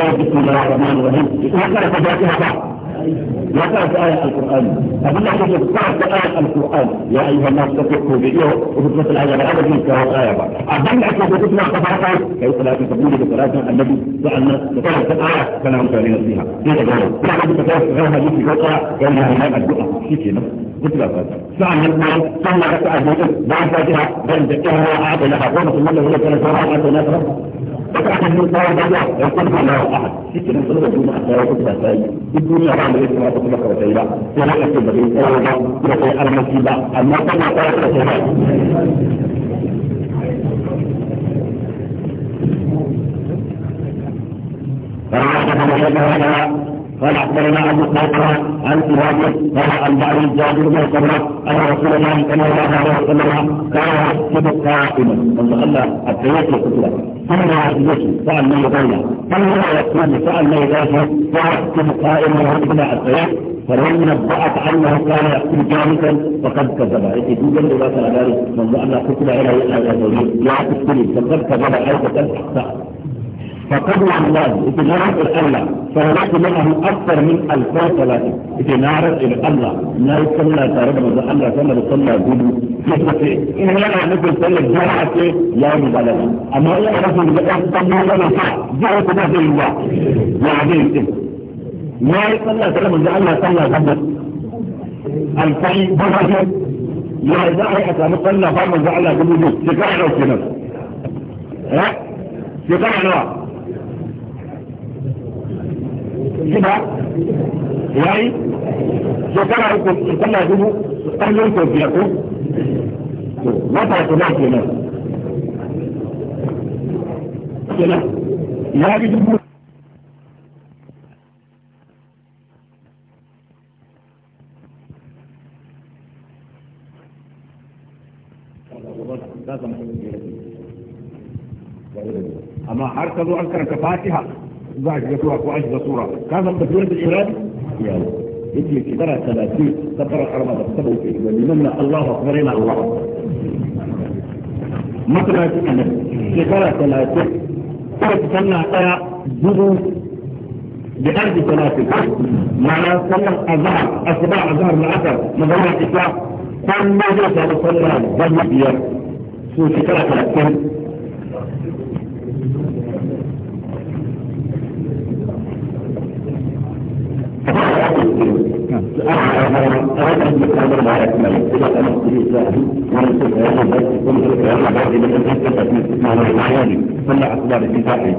قال بسم الله الرحمن الرحيم يقرأ فاتحة وقرأت آية القرآن فقلنا حديث قرأت آية القرآن يا أيها الناس تفقوا بإيه وتفقوا الآية بهذا من كهو آية بقى أبنى أتفقتنا قفعتها كيف لا تفقوني بصلاة النبي سألنا وقرأت آية فنعم سألين فيها هذا جاوب لا حديث تفقت غير حديث جوتا كان لها هناك الدعاء شكي نفس مثل هذا سألنا الآن سألنا ركعة الهدف بعد فاتحة بل ذكرها أعطي لها قومة الله ولا كان سرعة أعطي لها فتحن من طاعة الله ويقول الله أحد شكرا صلوة دون أخرى وكتبها سيئة الدنيا بعد ذلك ما تطلق وسيئة سيئة كتبه سيئة وسيئة المسيبة المرضى ما طلق وسيئة فعادة مجدها قال اخبرنا ابو بكر عن ابراهيم قال عن بعض الجابر بن سمره ان رسول الله صلى الله عليه وسلم كان يحسب قائما من صلى كتبه ثم يحسب فعل ما يضيع ثم يقول فعل ما يضيع فيحسب قائما ويحسب التوكل فلم نبأت عنه كان يقتل جامدا فقد كذب إذ يوجد ذات ذلك من أن قتل إلى يد لا فقد كذب عليك فقد فقبل الله اتنعرف نعرف الله فهناك معه أكثر من ألفا ثلاثة نعرف إلى الله لا يصلى تارد من الله كما يصلى جدو يستطيع إن لا نقول صلى الجرعة لا مبالغة أما إلا رسول الله صلى الله عليه وسلم جرعة نهد الله وعدين ما يصلى تارد من الله صلى جدو الفعي بغض يا زعي أتعمل صلى فارد من الله جدو شكرا لو كنا شكرا لو shida yayi shekara uku sallah dubu ɗanyen ko biyar ko mata ko na kenan kenan ya bi dubu amma har ka zo an karanta fatiha بعد جتوعك وعجز صورة كان المسؤول بالإيران يعني يجي كبرة ثلاثين سفر الحرمة تبو فيه ولمن الله أكبرنا الله مطلع أنا كبرة ثلاثين ترك سنة أرى جدو بأرض ثلاثين ما لا سنة أزار أسباع أزار من أزار مدرنا إسلام كان مجلس أبو صلى الله عليه وسلم جمع بيار سوى كبرة ثلاثين صلى أسباب الكفاء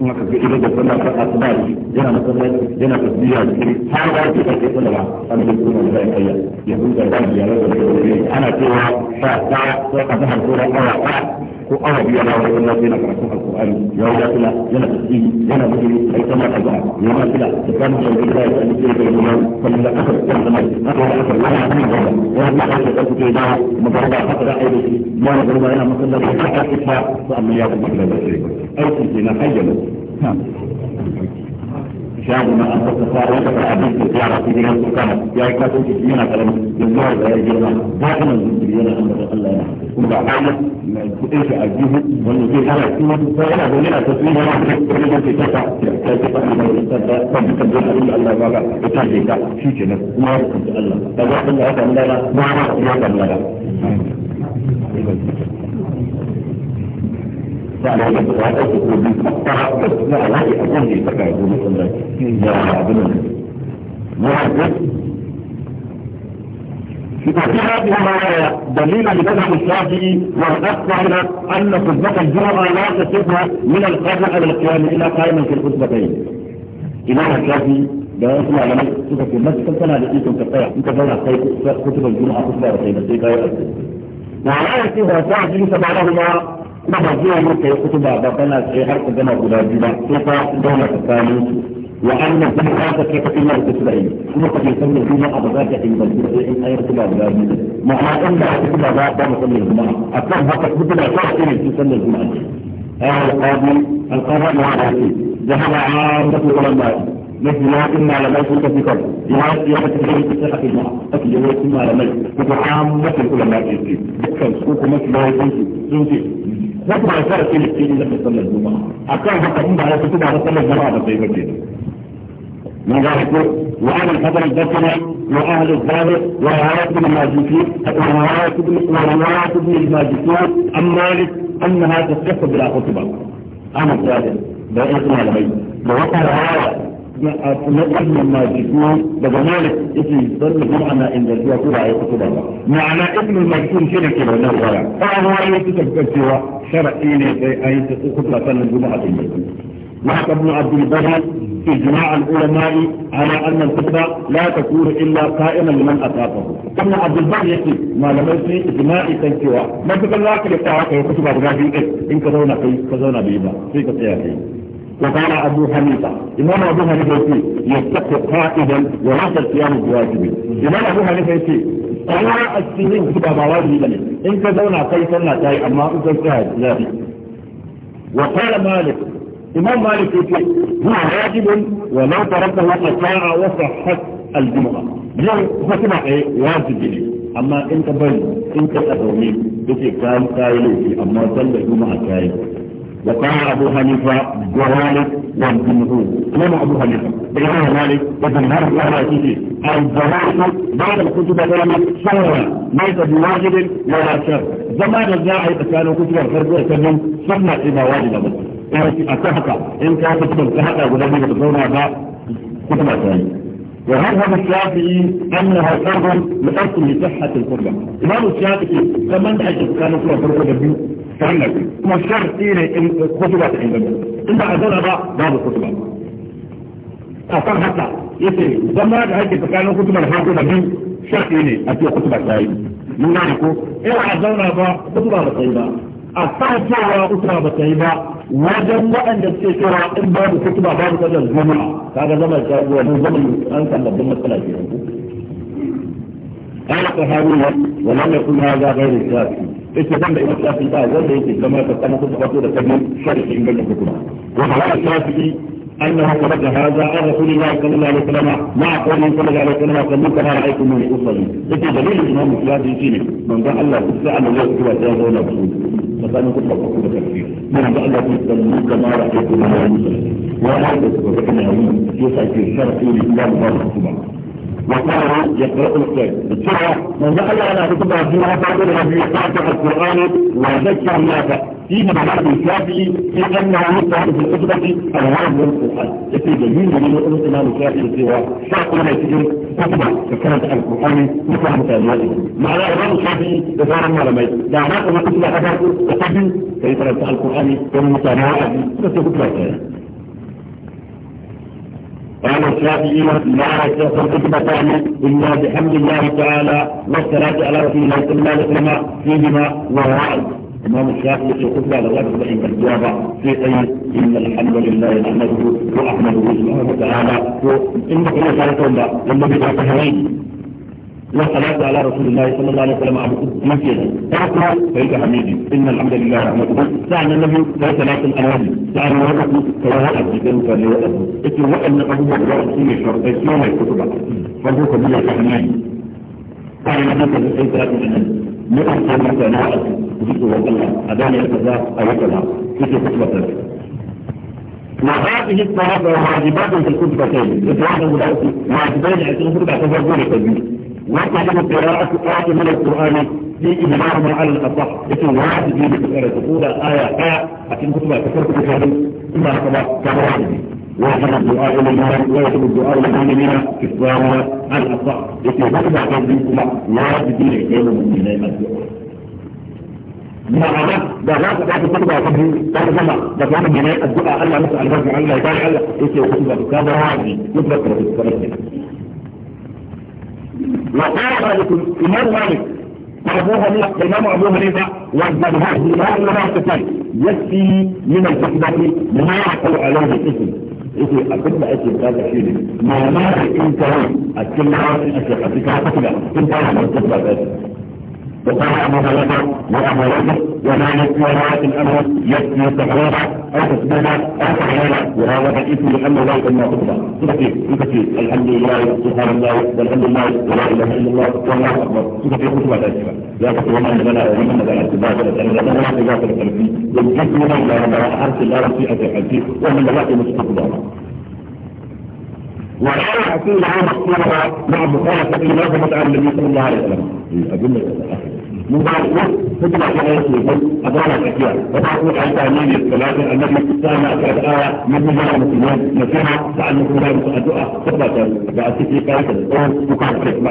maka ga ido da sallah ta asbari yana masallaci yana tasbiya da kiri har da ke kake sallah an da kuma da ayya ya huta da ya rabu da ana cewa sa ta ta ta har ko da awa ko awa biyar na wani wannan yana karatun alkur'ani ya wani fila yana tasiri yana mutum ai kama a ba ya wani fila da kan da wani da ya wani fila da ya wani kan da aka kan da mai aka wani aka wani aka wani ya wani aka da aka kai da magana da aka da aure shi ma na garba yana masallaci aka ita su amma ya kuma da zai aiki kenan hayyana shago na an sassa sa wata da abin da ya rasu gidan su kana ya yi kaso shi yana karamin yanzu har da ya girma ba kuma zikiri yana an da Allah ya kuma ba ayyuka na kudin shi a jihu wanda zai hana shi wani ko yana da yana ta tsira na kuma kuma da ke kasa ya ce ba Allah ya tsada ba duka da abin da Allah ya ba ka ta ce ka shi ke nan kuma ya kunta Allah da ba Allah ya kan lana ba ya kan lana فعلى هذا الوضع يقول التعقص لا دليلا لمذهب الشافعي والقصد أن خطبة الجمعة لا تصح من القبل على القيام إلا قائما في الخطبتين. إمام الشافعي da wasu malamai suka ce matukan tana da ikon ka tsaya in ka zauna kai kutubar juma'a kutubar kai da sai kayi ba ba zuwa ne kai kutuba ba kana sai har ku gama guda biyu ba sai fa dole ka kawo su وأن الزكاة كيف تمر تسبعين ثم قد يسمى فيما أبغاك أن يبدو إن أي رتبة أبغاك مع أن رتبة بعد ما صلى الجمعة أكثر هكذا بدل أشخاص إلى تصلي الجمعة هذا القاضي القضاء مع ذهب عامة العلماء مثل ما إن على ميت في كفر جهاد قيامة الحديث في صحة الجمعة أكل جهاد إن على ميت وتعامة العلماء الدين ذكر سوق مثل ما يكون سوسي وكما يسار في الاستيل لما يصلى الجمعة أكان حتى إن على كتب على صلى الجمعة في مدينة من ذلك وأهل الحضر البصري وأهل الزاهر ورواية ابن الماجوسي ورواية ابن ورواية ابن الماجوسي أم مالك أنها تستحق بلا خطبة أنا الزاهر بأيتنا لبيت بوقع رواية نقل الماجدون بجمالك اسم ضد بمعنى ان الجوع كبع يكتب معنى ابن المجدون شنو كده ده الغرع فهو يكتب كتوى ما زي اي تقول فن الجمعة المجدون وحكى ابن عبد البر اجماع العلماء على ان الخطبه لا تكون الا قائما لمن اطاقه. ابن عبد البر يقول ما لم يكن اجماع تنكوا ما تقول لك لك الخطبه بغادي ان كذونا في كذونا بيبا في كذونا وقال أبو حنيفة إمام أبو حنيفة يقول قائدا وليس القيام بواجبه إمام أبو حنيفة يقول أنا السنين كتب واجب لي إن كذونا كيف لا تاي أما أكثر لا وقال مالك إمام مالك يقول هو واجب ولو تركه قطاع وصحت الجمعة لو فتنا إيه واجب لي أما إنت بل إنت أدوني بكي كان كايلو أما صلى الجمعة كائن وكان أبو حنيفة ومالك وابنه إمام أبو حنيفة الإمام مالك وجمهور الله فيه الزواج بعد الكتب العلماء صورة ليس بواجب ولا شر زمان الزاعي كانوا كتب الفرق وسلم سمى إذا واجب بس يعني أتفق إن كان كتب الزهق ولم يتضون هذا كتب الثاني ومذهب الشافعي انها فرض لاصل صحه القربه. امام الشافعي كمن اجل كانوا في القربه تعمل ثم الشر إلى الخطبات عند الناس انت أزال أضع بعض الخطبات أفضل حتى يسير زمان هاي كيف كانوا خطبة الحاضر مبين شر إلي أتي خطبة سعيد من نعرفه إيه أزال أضع خطبة الخطبة أفضل شعر أسرة بسعيدة وجم وأن يستشعر إن بعض الخطبة بعض الجمعة الجمعة هذا زمان جاءوا من زمان أنت أن الضمة الثلاثة قال هذا ولم يكن هذا غير الكافي ita wanda ita ta fita wanda yake zama ta kana kuma wato da kalmin sharhi in ganin أنه خرج هذا عن رسول الله صلى الله عليه وسلم مع قوله صلى الله عليه وسلم كلمة كما رأيتم من أصلي. إذا دليل الإمام الشافعي فيه من قال الله تعالى لا يقوى ذلك ولا رسول. فكان كل مقصود تكفير. من قال الله كلمة كما رأيتم من أصلي. وهذا سبب أنه يسعى في شرع الله والحكومة. وصاروا يقرؤون الكتاب بالسرعة من دخل على كتب ربنا فقد ربي قرأ القرآن وذكر الناس فيما بعد الشافعي في أنه يصعد في الخطبة الوعد والقرآن يأتي جميل من يقول الإمام الكافي سوى شرط ما يسجل خطبة فكانت القرآن مثل مثالياته معنى الإمام الشافعي يظهر ما لم يكن لا علاقة ما كتب أحد وقبل كيف نسأل القرآن ومن مثالياته بس يقول قال الشافعي لا يصح الخطبتان الا بحمد الله تعالى والصلاه على رسول الله صلى الله عليه وسلم فيهما والرعد الإمام الشافعي في خطبة على الرجل بإن الجواب في قيد إن الحمد لله نحمده وأحمده سبحانه وتعالى إنك لشرط الله انك لا تهرين والصلاة على رسول الله صلى الله عليه وسلم عبد مسجد فأقرأ فيك حميدي إن الحمد لله نحمده سعنا في ثلاثة الأنواب سعنا وقته سواء أبديته فليوقته اسم وأن أبوه الله سيني شرطي سواء الكتب فالبوك بلا كحماني سعنا النبي ثلاثة الأنواب نقف سعنا سعنا وجدت وقلها أداني الكذا أوكلها كتب خطبة وهذه الصلاة واجبات في الخطبتين، الواحدة والأخرى واجبين عشان الخطبة تفضل التجميل. وحسن القراءة آت من القرآن في إجماعهم على الأصح لكن واحد في القرآن تقول آية آية لكن كتبها كفرت بشهر إلا كما كان واحد واحد الدعاء إلى المال الدعاء إلى المؤمنين كفارنا على الأصح لكن هذا كان منكم لا تدين إليهم من الدعاء ma'ana da za ka tafi kuma ka bi ta zama da zama ne addu'a Allah masa albarka Allah ya kare Allah yake ku da ka ba وقال مالك إمام مالك أبو حنيفة الإمام أبو حنيفة والزبهاء الإمام الإمام سفيان يكفي من الفقدة ما يعقل عليه الاسم اسم أقول اسم هذا شيء ما مالك انت أتكلم عن اسم أتكلم عن اسم أنت عارف وقال ابو هريره وابو بكر وما يكفي روايه الامر يكفي تقريبا او تسبيبا او تحليلا وهذا الاثم لان الله كما تقضى صدقي صدقي الحمد لله سبحان الله والحمد لله ولا اله الا الله والله اكبر صدقي خطوه تاسفه لا تقوى من بلا ومن بلا اتباع ولا تنبغي ولا تنبغي ولا تنبغي والجسم من لا ربع حرف لا رفيع في حديث ومن لا يمسك وحال حصول عام الصورة مع مخالفة لازمة عن النبي صلى الله عليه وسلم. الأدلة الأخيرة. من بعد تطلع أدارة وتعطيك عن تعليم التي من مجال المسلمين نسيها تطلع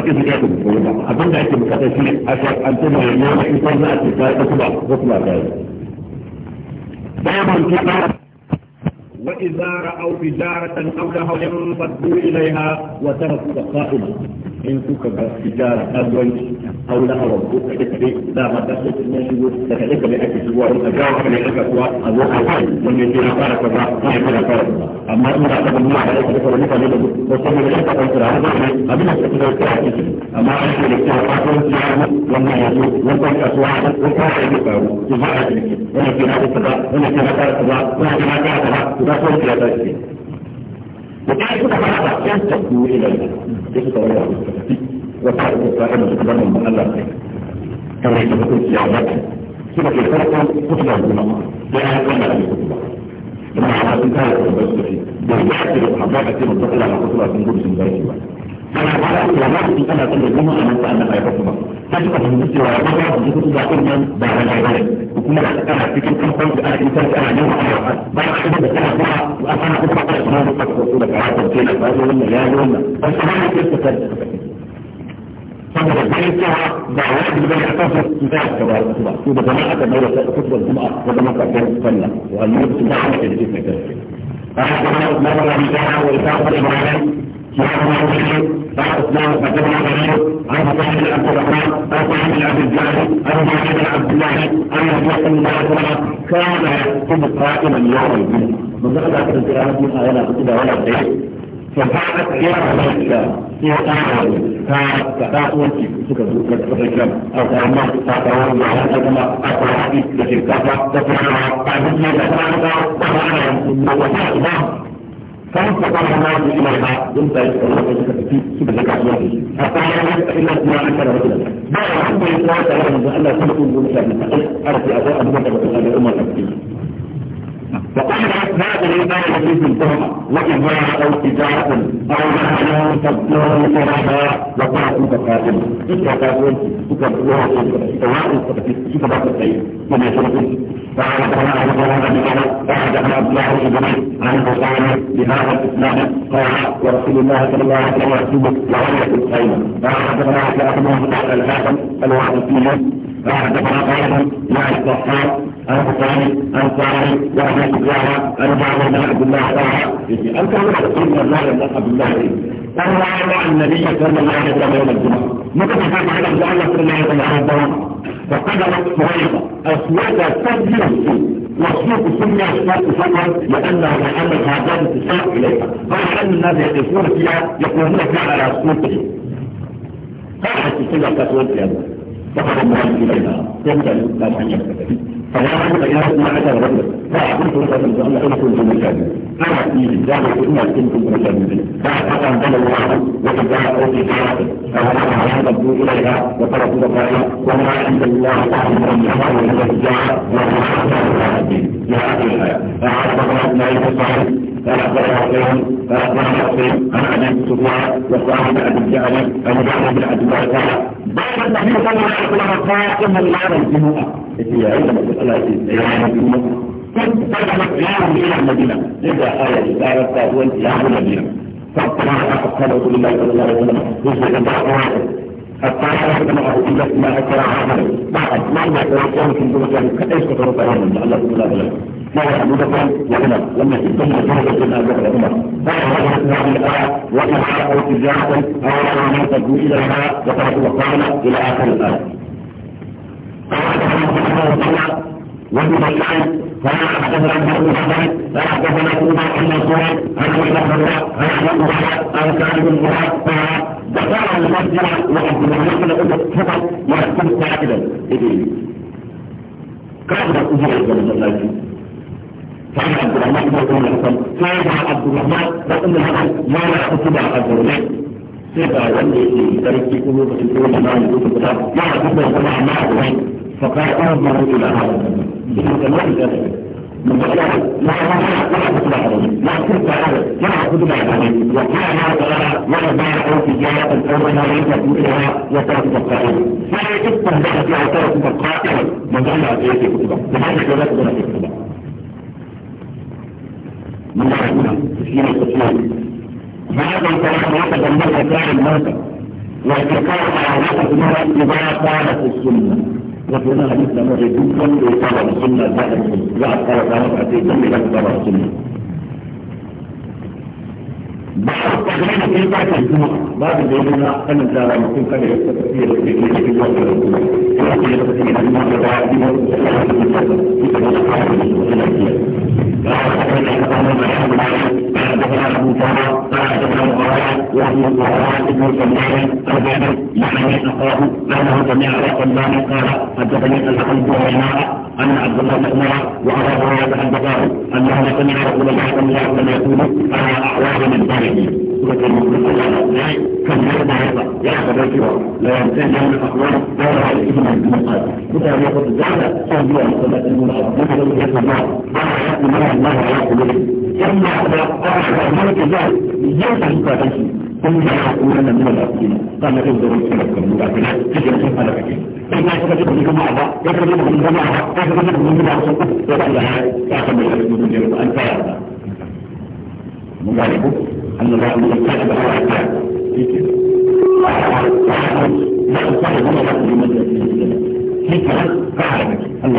الأول ما أظن أنك أن تنهي اليوم تطلع تطلع وإذا رأوا تجارة أو لهم ينفضوا إليها وتركوا قائمة in kuka ga tijara kasuwanci au na hawa ko kaɗe kaɗe da ma ta so kuma shigo da kaɗe kaɗe ake shigo a wani gawa kaɗe aka kuwa a zo a kai wanda ya ce na fara kaza na ya fara kaza amma in da kaɗe muna da ake kaɗe mutane da ko sama da aka kan kira haka ne abin da suka da kai ake amma an ce da cewa kasuwanci ya zo wannan ya zo wannan kasuwa ko kuma ya yi faru ki ba a ciki wannan ke na kaza wannan ke na kaza wannan ke na kaza kasuwanci ya tashi وبعد كده خلاص ينتهي الى وتعرف القائمة تتبنى من الله كما يتبقون سياضتها سبق الفرقة تطلع الجماعة لأنها كما يتبقى لما عرفت انتهى الفرقة بالذات الحضارة كما تطلع على قصة تنقل سنجارة ana ba su da ba su yi ana kan da kuma ana ta annabi ba kuma ta suka fahimci cewa ba za su ji kuɗi da kan nan ba da ba ne kuma da kana cikin kamfan da ana yi ta ana nan ana ba ka da da kana ba a kana kuma ba ka da ba ka da ka ta ce na ba wannan ya yi wannan ba su ne ke ta saboda bayan cewa ba wani da ya kafa su ta ka ba su ba su da jama'a ta mai da kuɗin kuma da kuma ka ga sallah wa annabi ta ba ka da cikin kai قال حدثنا عثمان بن عبد الله وإسحاق بن إبراهيم بعد اسماء بدر الغريب عن صاحب عبد الرحمن عن صاحب عبد الجعد عن صاحب عبد الله عن رسول الله صلى الله عليه وسلم كان يكتب قائما يوم الجمعه وذكر بعد القراءه من ايات كتب ولا بعيد فبعدت غير الاسلام في تعاون فتعاون في الاسلام او تعاون في تعاون مع الحكمه او تعاون في الشركات تفعلها تعاون في الاسلام وتعاون في الاسلام kan ka ba mana ji ina ba in da ka ba ka ci su da ka ba a kana ka ina kuma an ka rawa ba ba ka ba ka ba Allah ya ku mun ta ne a ci a ba an ba ka ba ka ba umma ta ci وقال هذا الإيمان الذي انتهى وإمارة أو تجارة أو مهلا تبدو لها وقال أنت قادم إذا قادم تكبروها سواء تكبرت السيد من يشركون فعلى بنا على بنا بنا بعد أن أبلاه إبراهيم عن حسان بهذا الإسلام قال ورسول الله صلى الله عليه وسلم يكتب وعلية الخيمة بعد بنا على أبناء الحاكم الواحد فيهم بعد بنا قائدا مع الصحاب عن حسان عن صالح وعن أنا إجارة أنا بعمل مع الله الله طاعة يجي أنت أنا أقول من الله إلا عبد الله إيه أنا أعلى النبي صلى الله عليه وسلم يوم الجمعة متى تفهم على عبد الله صلى الله عليه وسلم فقدرت مريضة أسود تبدي السوء مخصوص السنة أسماء تفكر لأنها لأن هذا الاتساق إليها فعلا الناس يقفون فيها يقومون فيها على سلوكهم فأحد السنة تسود فيها فقد مريض إليها تبدأ الإسلام أن يبتدئ فقال لك يا ما حتى ربك فأقول لك أن الله أنا كنت مشاهد أنا في الجامعة إما كنت مشاهد فأقول أن الله وقد جاء أوتي حياته فوضع على تبدو إليها وترك بقائها وما عند الله أمر الأمر وقد جاء وما حتى ربك يا أخي الحياة أعرف أن لا يتصل قال اخبرنا حسين قال اخبرنا حسين عن ابي سفيان وسعد بن ابي جعل عن جعفر بن عبد الله قال بين النبي صلى الله عليه وسلم خاتم النار الجمعه في علم المساله ايام الجمعه فانتقلت نار الى المدينه اذا قال الاشاره فهو انتهاء المدينه فاقترح اصحاب رسول الله صلى الله عليه وسلم يسجد بعض واحد الطاعة كما أقول أكثر عمله بعد ما أقول لك أنا كنت مثلا كأيش كثر طيرا إن شاء الله بإذن الله ما أبو بكر وعمر لما تسمى جهد سيدنا أبو بكر وعمر بعد هذا الإسلام الآية وإنها أو تجارة أو أن تدعو إلى الماء وترك وقال إلى آخر الآية وابن الحسن قال حدثنا ابن محمد قال حدثنا ابن محمد عن ابي بكر عن دفع المرجع وعبد الملك يكون الكتاب ما أتبع فقال أمر إلى هذا الجنة إنه كمان من لا لا يحدث عليه لا يحدث عليه لا يحدث عليه وكان هذا ولا باع تجارة الأول ليس مثلها وترك القائل فلا يكتب بعد وترك القائل من ضل في كتبه لماذا لا في كتبه من هنا تسليم القتلان هذا الكلام يتضمن أفعال الموتى وارتكاب على نفس المرء إذا كانت السنة wato wannan hadisi da mai duk wanda ya saba da sunna za a yi za a fara samu a sai dan da saba da sunna ba a kagana da kai ba ta kuma ba da dai na kanin da mutum kada ya saka fiye da kai ne cikin wannan kuma ya saka fiye da kai da ba a yi wani da ya saka fiye da kai da ba a yi wani da ya saka fiye وهو القرآن ابن سلمان فزاد يعني أخاه أنه سمع سلمان قال حدثني الحمد والنار أن عبد الله بن عمر وأبا هريرة حدثاه أنه سمع رسول الله صلى الله عليه وسلم يقول أنا أحوال من ذلك وكان يقول الله كم يرضى يرضى يأخذ الكبر لا يمتنع من الأخبار لا يرى الإيمان بالمقال كتاب يقول الزعل صلى الله عليه وسلم يقول الله inna Allah la yuhibbu inna Allah la yuhibbu yadda an tsaya ba mun ga ku Allah ya yi ta da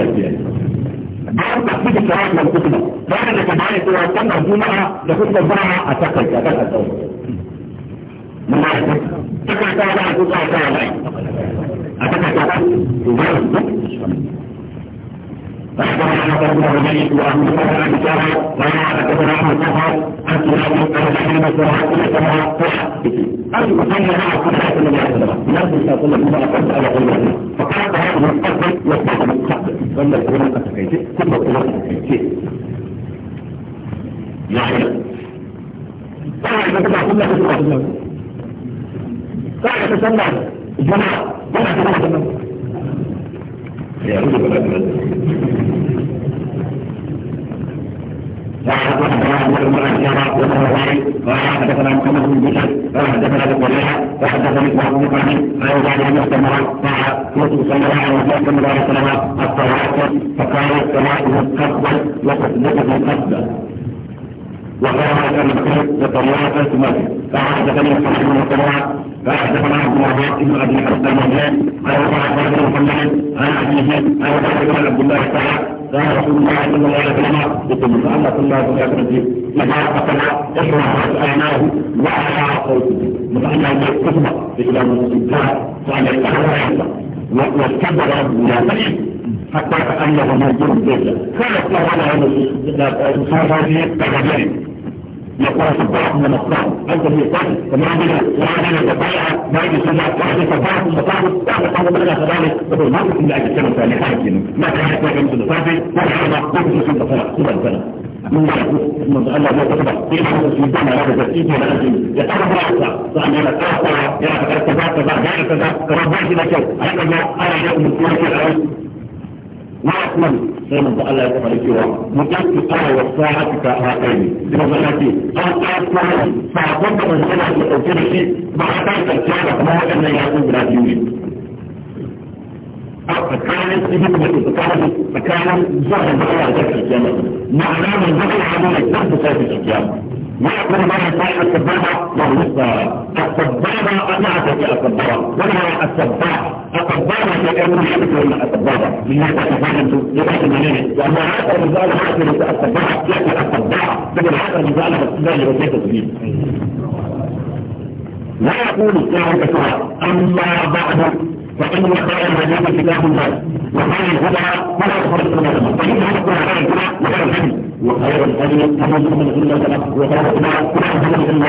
في الصلاة والخطبة بعد ما تبعي هو سمع الجمعة لخطبة الجمعة أتقل أتقل الدولة من بعد أتقل أتقل أتقل أتقل أتقل أتقل أخبرنا حدثنا عبيد وأنبأنا حجاج قال حدثنا أحمد سفر أنت يحدث عن الحين سرعة سرعة صحبتي أن يصلي مع صحبة النبي عليه الصلاة والسلام لا تنسى صلى الله عليه وسلم على غيره فقال هذا القصد يستحق القصد ثم يكون الأسكيتي ثم يكون الأسكيتي يعني قال إذا كنت أقول لك قال تسمع جمع جمع جمع جمع يعود بالأكبر وحدثنا محمد بن بشر وحدثنا ابو هريره وحدثني ابو عبد الرحمن عن بعد ان استمر مع رسول صلى الله عليه وسلم الصلاه فقال الصلاه مستقبل وقد نفذ قصدا وقال هذا المكان وطلعت ثم فحدثني محمد بن فحدثنا عبد الرحمن بن عبد ابي حسن المهلان قال وقع عبد محمد عن ابيه عن عبد عبد الله تعالى قال رسول الله صلى الله عليه وسلم يقول صلى الله عليه وسلم اذا قتل اشرع اعناه واحرع صوته متعنى ان يقسم الى المسجدات وان يتحرر واستبر الى مريم حتى كانه موجود بيته كانت له على هذا المسافه في يقول الصباح من الصباح أنت اللي يقول ومعنا وعنا تبايع بعد سنة بعد صباح مصاب بعد قبل من ذلك يقول ما كنت من أجل سنة ثانية حاجة ما كان يحتاج من الصافي ما كان يحتاج من الصلاة سنة سنة من الله الله ما تقبل في حاجة في الدنيا هذا تسيب ولا أجل يتعرف رأسه طبعا يلا تعرف يلا تبع تبع يلا تبع ربنا كذا أنا أنا يوم كل شيء ما أكمل سيما الله يقول لك مجدد أنا والساعة كهاتين لما ملكي أنا أكمل فأقوم من سنة لأوكين شيء ما أتاك الكلام ما هو أن يكون بلاجيوني فكانت هجمة تتعرض فكانت ظهر بقى ذلك الكلام معناه من ذلك العمل يتنفس في الكلام محكمة ما يصح السبابة والنصة السبابة أطلعت في السبابة ولا السبابة السبابة هي أمر حدث من السبابة لما تتفاهم لبعض المنين وأما هذا المزال حاصل في السبابة يأتي السبابة بدل هذا المزال والسبابة والبيت الجديد لا يقول السلام أما بعد وإن يخبر المدينة كتاب الله وخير الهدى ولا يخبر السنة فإن يخبر على الهدى وخير الهدى وخير الهدى كما يخبر السنة وخير الهدى كما يخبر السنة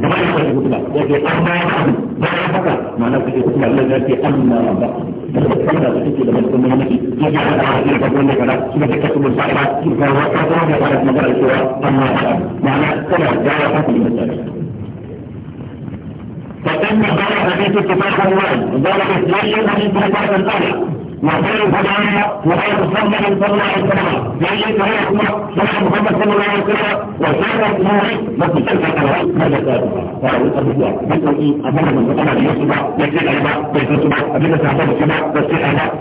كما يخبر الهدى لكن أما يعلم لا يفكر معناه في الهدى الذي أما ربك فالسنة تأتي لما يكون من نفسي يجعل على ذلك كل كلا ثم تكتب الصحيحة ثم وقعت وقعت على مدار السورة أما يعلم معناه كما جاء في المسألة فتم ضرب حديث اتفاق الله ضرب اثنين حديث اتفاق الله وقال فلا وقال محمد صلى الله عليه وسلم جاي فهو صلى محمد صلى الله عليه وسلم وكان اسمه ما تشرك ماذا كان قالوا ابو بكر ايه امر من قال يسبع يسبع يسبع يسبع ابي بكر عبد السماء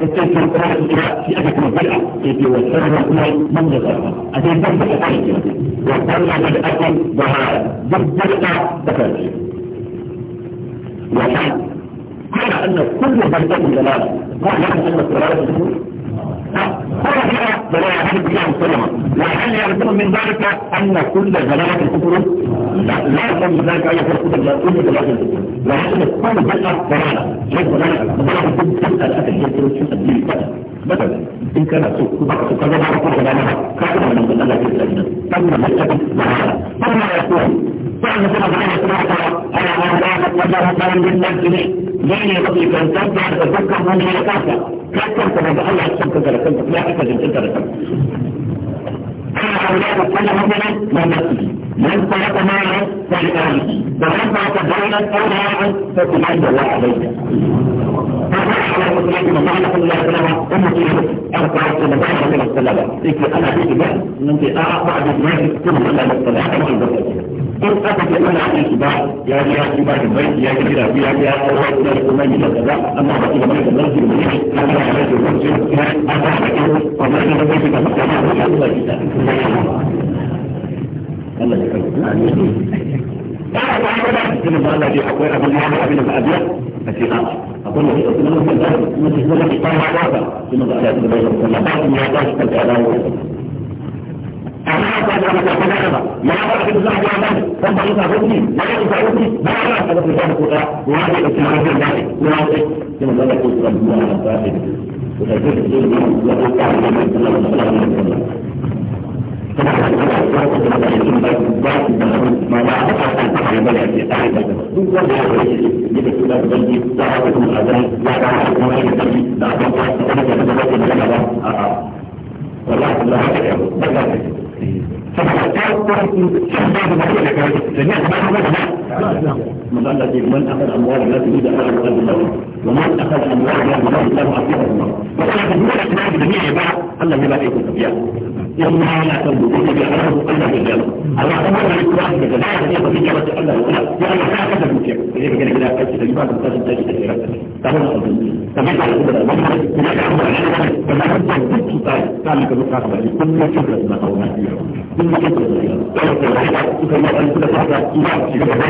يسبع يسبع يسبع يسبع في ابي بكر بدع في وسلم الله من ذكر اتي بكر وقال لقد اتى ظهر ضد والحد على أن كل بلدة دلالة لا لك أن تكون قال هنا فلا يحب بها من ذلك أن كل دلالة الكفر لا لا يعلم من ذلك أن كل دلالة الكفر ولكن كل بلدة دلالة ليس ذلك دلالة الكفر تسأل أتى الكفر تسأل baka in kana so ku baka so kaga ba ku da nan ka kuma nan da Allah ke da nan kan nan da ta ba ba na ko ba na kuma ba na kuma ba ana an da ka da ba da nan ne ne ne ba ki kan san da ka dukkan wani ya kasa ba ka da Allah ya ba ka da kanka ya ba jinta da kanka ana an da ka da ba من ترك مالا فلآله ومن ترك دينا أو مالا فسبحان الله عليه فقال Allah ya kai ba a ba ba kuma ba Allah ya akwai abin da ba abin da ba biya a ce na akwai wani abu na mutum da kuma shi kuma ba ba ba kuma ba Allah ya kai ba Allah ba kuma ya kai ka da dawo amma ba da mata ba da ba ya ba da zuwa ya ba dan ba ka hukumi na ka ka hukumi ba ba ka da ka ko da ya ba da kuma da da ya ba kuma ba da ko da ba da ba da ko da ko da ko da ko da ko da ko da من أخذ أموال الناس يريد أن أخذ أموال ومن أخذ أموالها بغير له عقيدة الله وكان بدون أسماء جميع بعض الله بما يكون سبيان إنا لا تنبغون بأمره الله بالجنة الله أمر بالكواسي بجنة يقول في جنة الله وقال يا الله لا أخذ المكير فإذا كان كده أكسي تجيبات مستاذ تجي تجيبات تقول أخذ تجيب على كده الأمر بلا تعمل على الأمر فما كنت تجي طالب كان كده مقاطع فيها كل ما قولنا فيها كل كبرة ما قولنا فيها كل كبرة ما قولنا فيها كل كبرة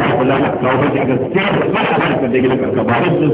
ما قولنا فيها كل كبرة ما قولنا فيها كل كبرة ما قولنا فيها كل كبرة ما قولنا فيها كل كبرة ما قولنا فيها كل كبرة ما قولنا فيها كل كبرة ما قولنا فيها كل كبرة ما قولنا فيها كل كبرة ما قولنا فيها كل كبرة ما قولنا فيها كل كبرة ما قولنا فيها كل كبرة ما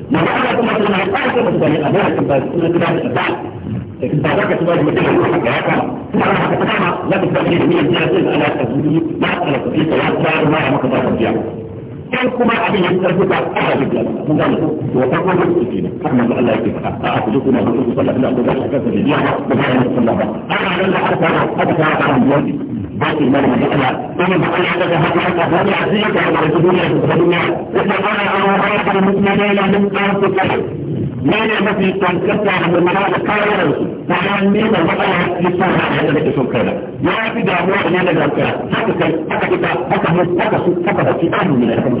لعلكم لما لكن بعدك تبقى مثل حكاياتها ثم لا تبقى من الناس على تسويق لا على تسويق لا تبقى ما ما in kuma abin ya karfi ba a ba jiya mun gane ko to ta ko ne ke ne har manzo Allah yake faɗa a ku duk kuma ku sallallahu alaihi wasallam da kansa jiya da ba ya sallah ba ana nan da aka fara aka fara ta mun yi ba ki mai da Allah kuma ba Allah da haka haka ba ya ji ka da duniya da duniya da ana ana ana da mu'minina min anfusihim mene mafi tankarta da mulmana da kayan ta hannun da matsala ya sa na yadda da ke son kai ya fi damuwa da yadda da kai haka kai haka ita haka mu haka su haka da ki an mu ne kan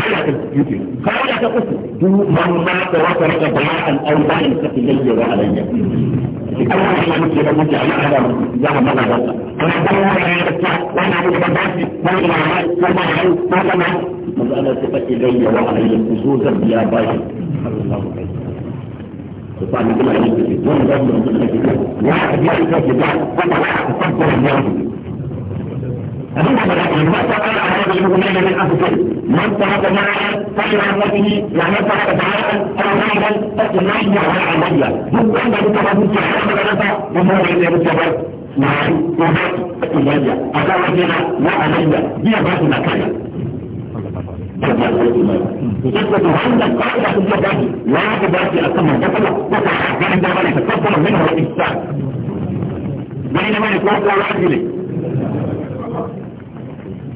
على الكمبيوتر فأنا تقول دون من مات وترك ضياء أو لا يمسك إلي وعلي أول شيء مثل لو أنت على هذا زمن ما لا أنا أدور على الأشياء وأنا أقول بدأتي ما إلى عمل وما عمل ما سمع مسألة تبكي إلي وعلي خصوصا يا بايع الله عليه وطبعا كل واحد يعرف كيف يتعامل وطبعا تصدر اليوم ما تقال على الإيمان من أفضل من تهد معنا فإن عمته يعني تهد تعالى أو غيرا فتنعي على عملية ثم أن تهد تعالى ولد وهو غير السبب نعم وهو إلي أتوجنا وألي هي باطنة كلمة تثبت عندك قاعدة في الجبهة لا تبقى أصلا دخلت وتعرف عند ذلك تفضل منه الإنسان بينما يكون لا يعجلك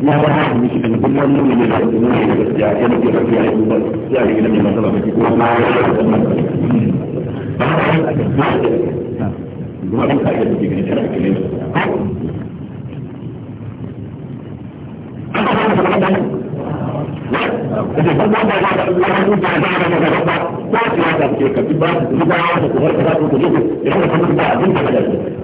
na ba ta da shi da kuma mun ne da kuma ne da ya ya ne da ya ya ba ya da na ya da kuma ba ta da kuma ta da da da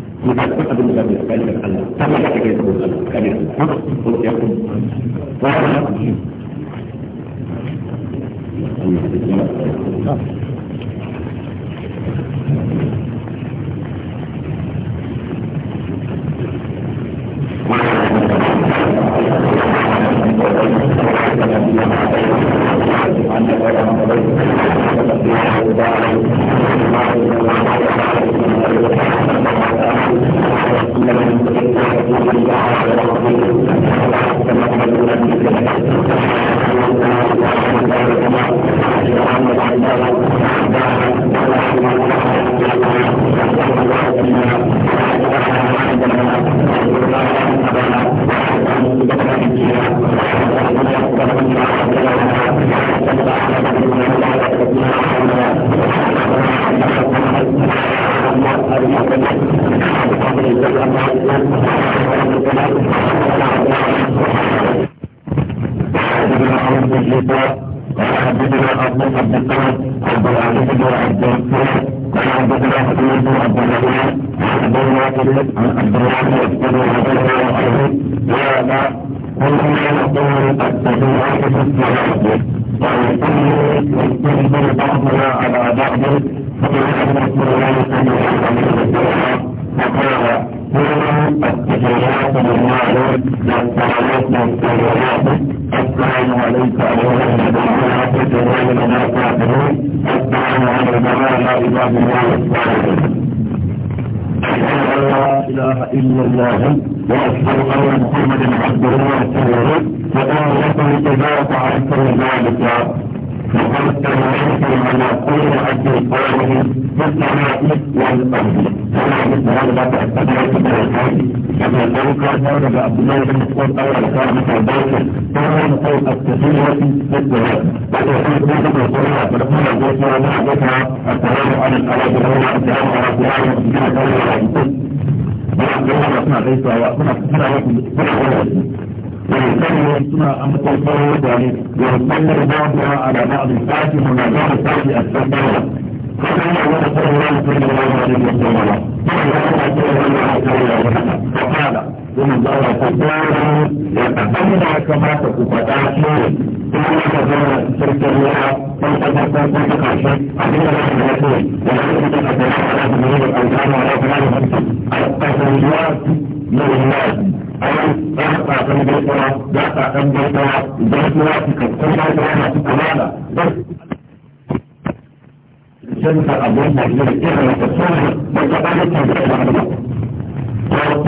يكون أبن Thank you. ولا كافرون الدعوة على لا إله إلا الله أشهد أن لا إله إلا الله وأشهد أن محمدا عبده ورسوله وأن يقول تبارك عنك وذلك وقد تنعيتم على كل عبد قوله في السماء والأرض كما مثل هذا تحتمل في الحج هذا الطريق هذا عبد الله بن مسعود اول كان مثل ذلك كان يقول التحيه للصلاه وتحيه بعد الصلاه فنقول الرسول مع ذكر السلام على الاراضي هو السلام على الصلاه والمسلمين قال ويسلم أن تنصروا ذلك ويسلم بعضها على بعض الفاتح وما بعض الفاتح السبب فقال الله صلى الله عليه وسلم فقال ومن ضر فقال يتمنى كما تكفت عشره ثم تزور تلك اللوحة فلتكن تلك عشر عديد الحملتين ولكن تتبع على جميع الأوزان ولا تنال التفريات للناس أي أعطى كم بيتها لا تعتم بيتها ذات وقتك كل ما تكون في كمالة تنفع أبونا من الإغرة الصالح وتبعث من الإغرة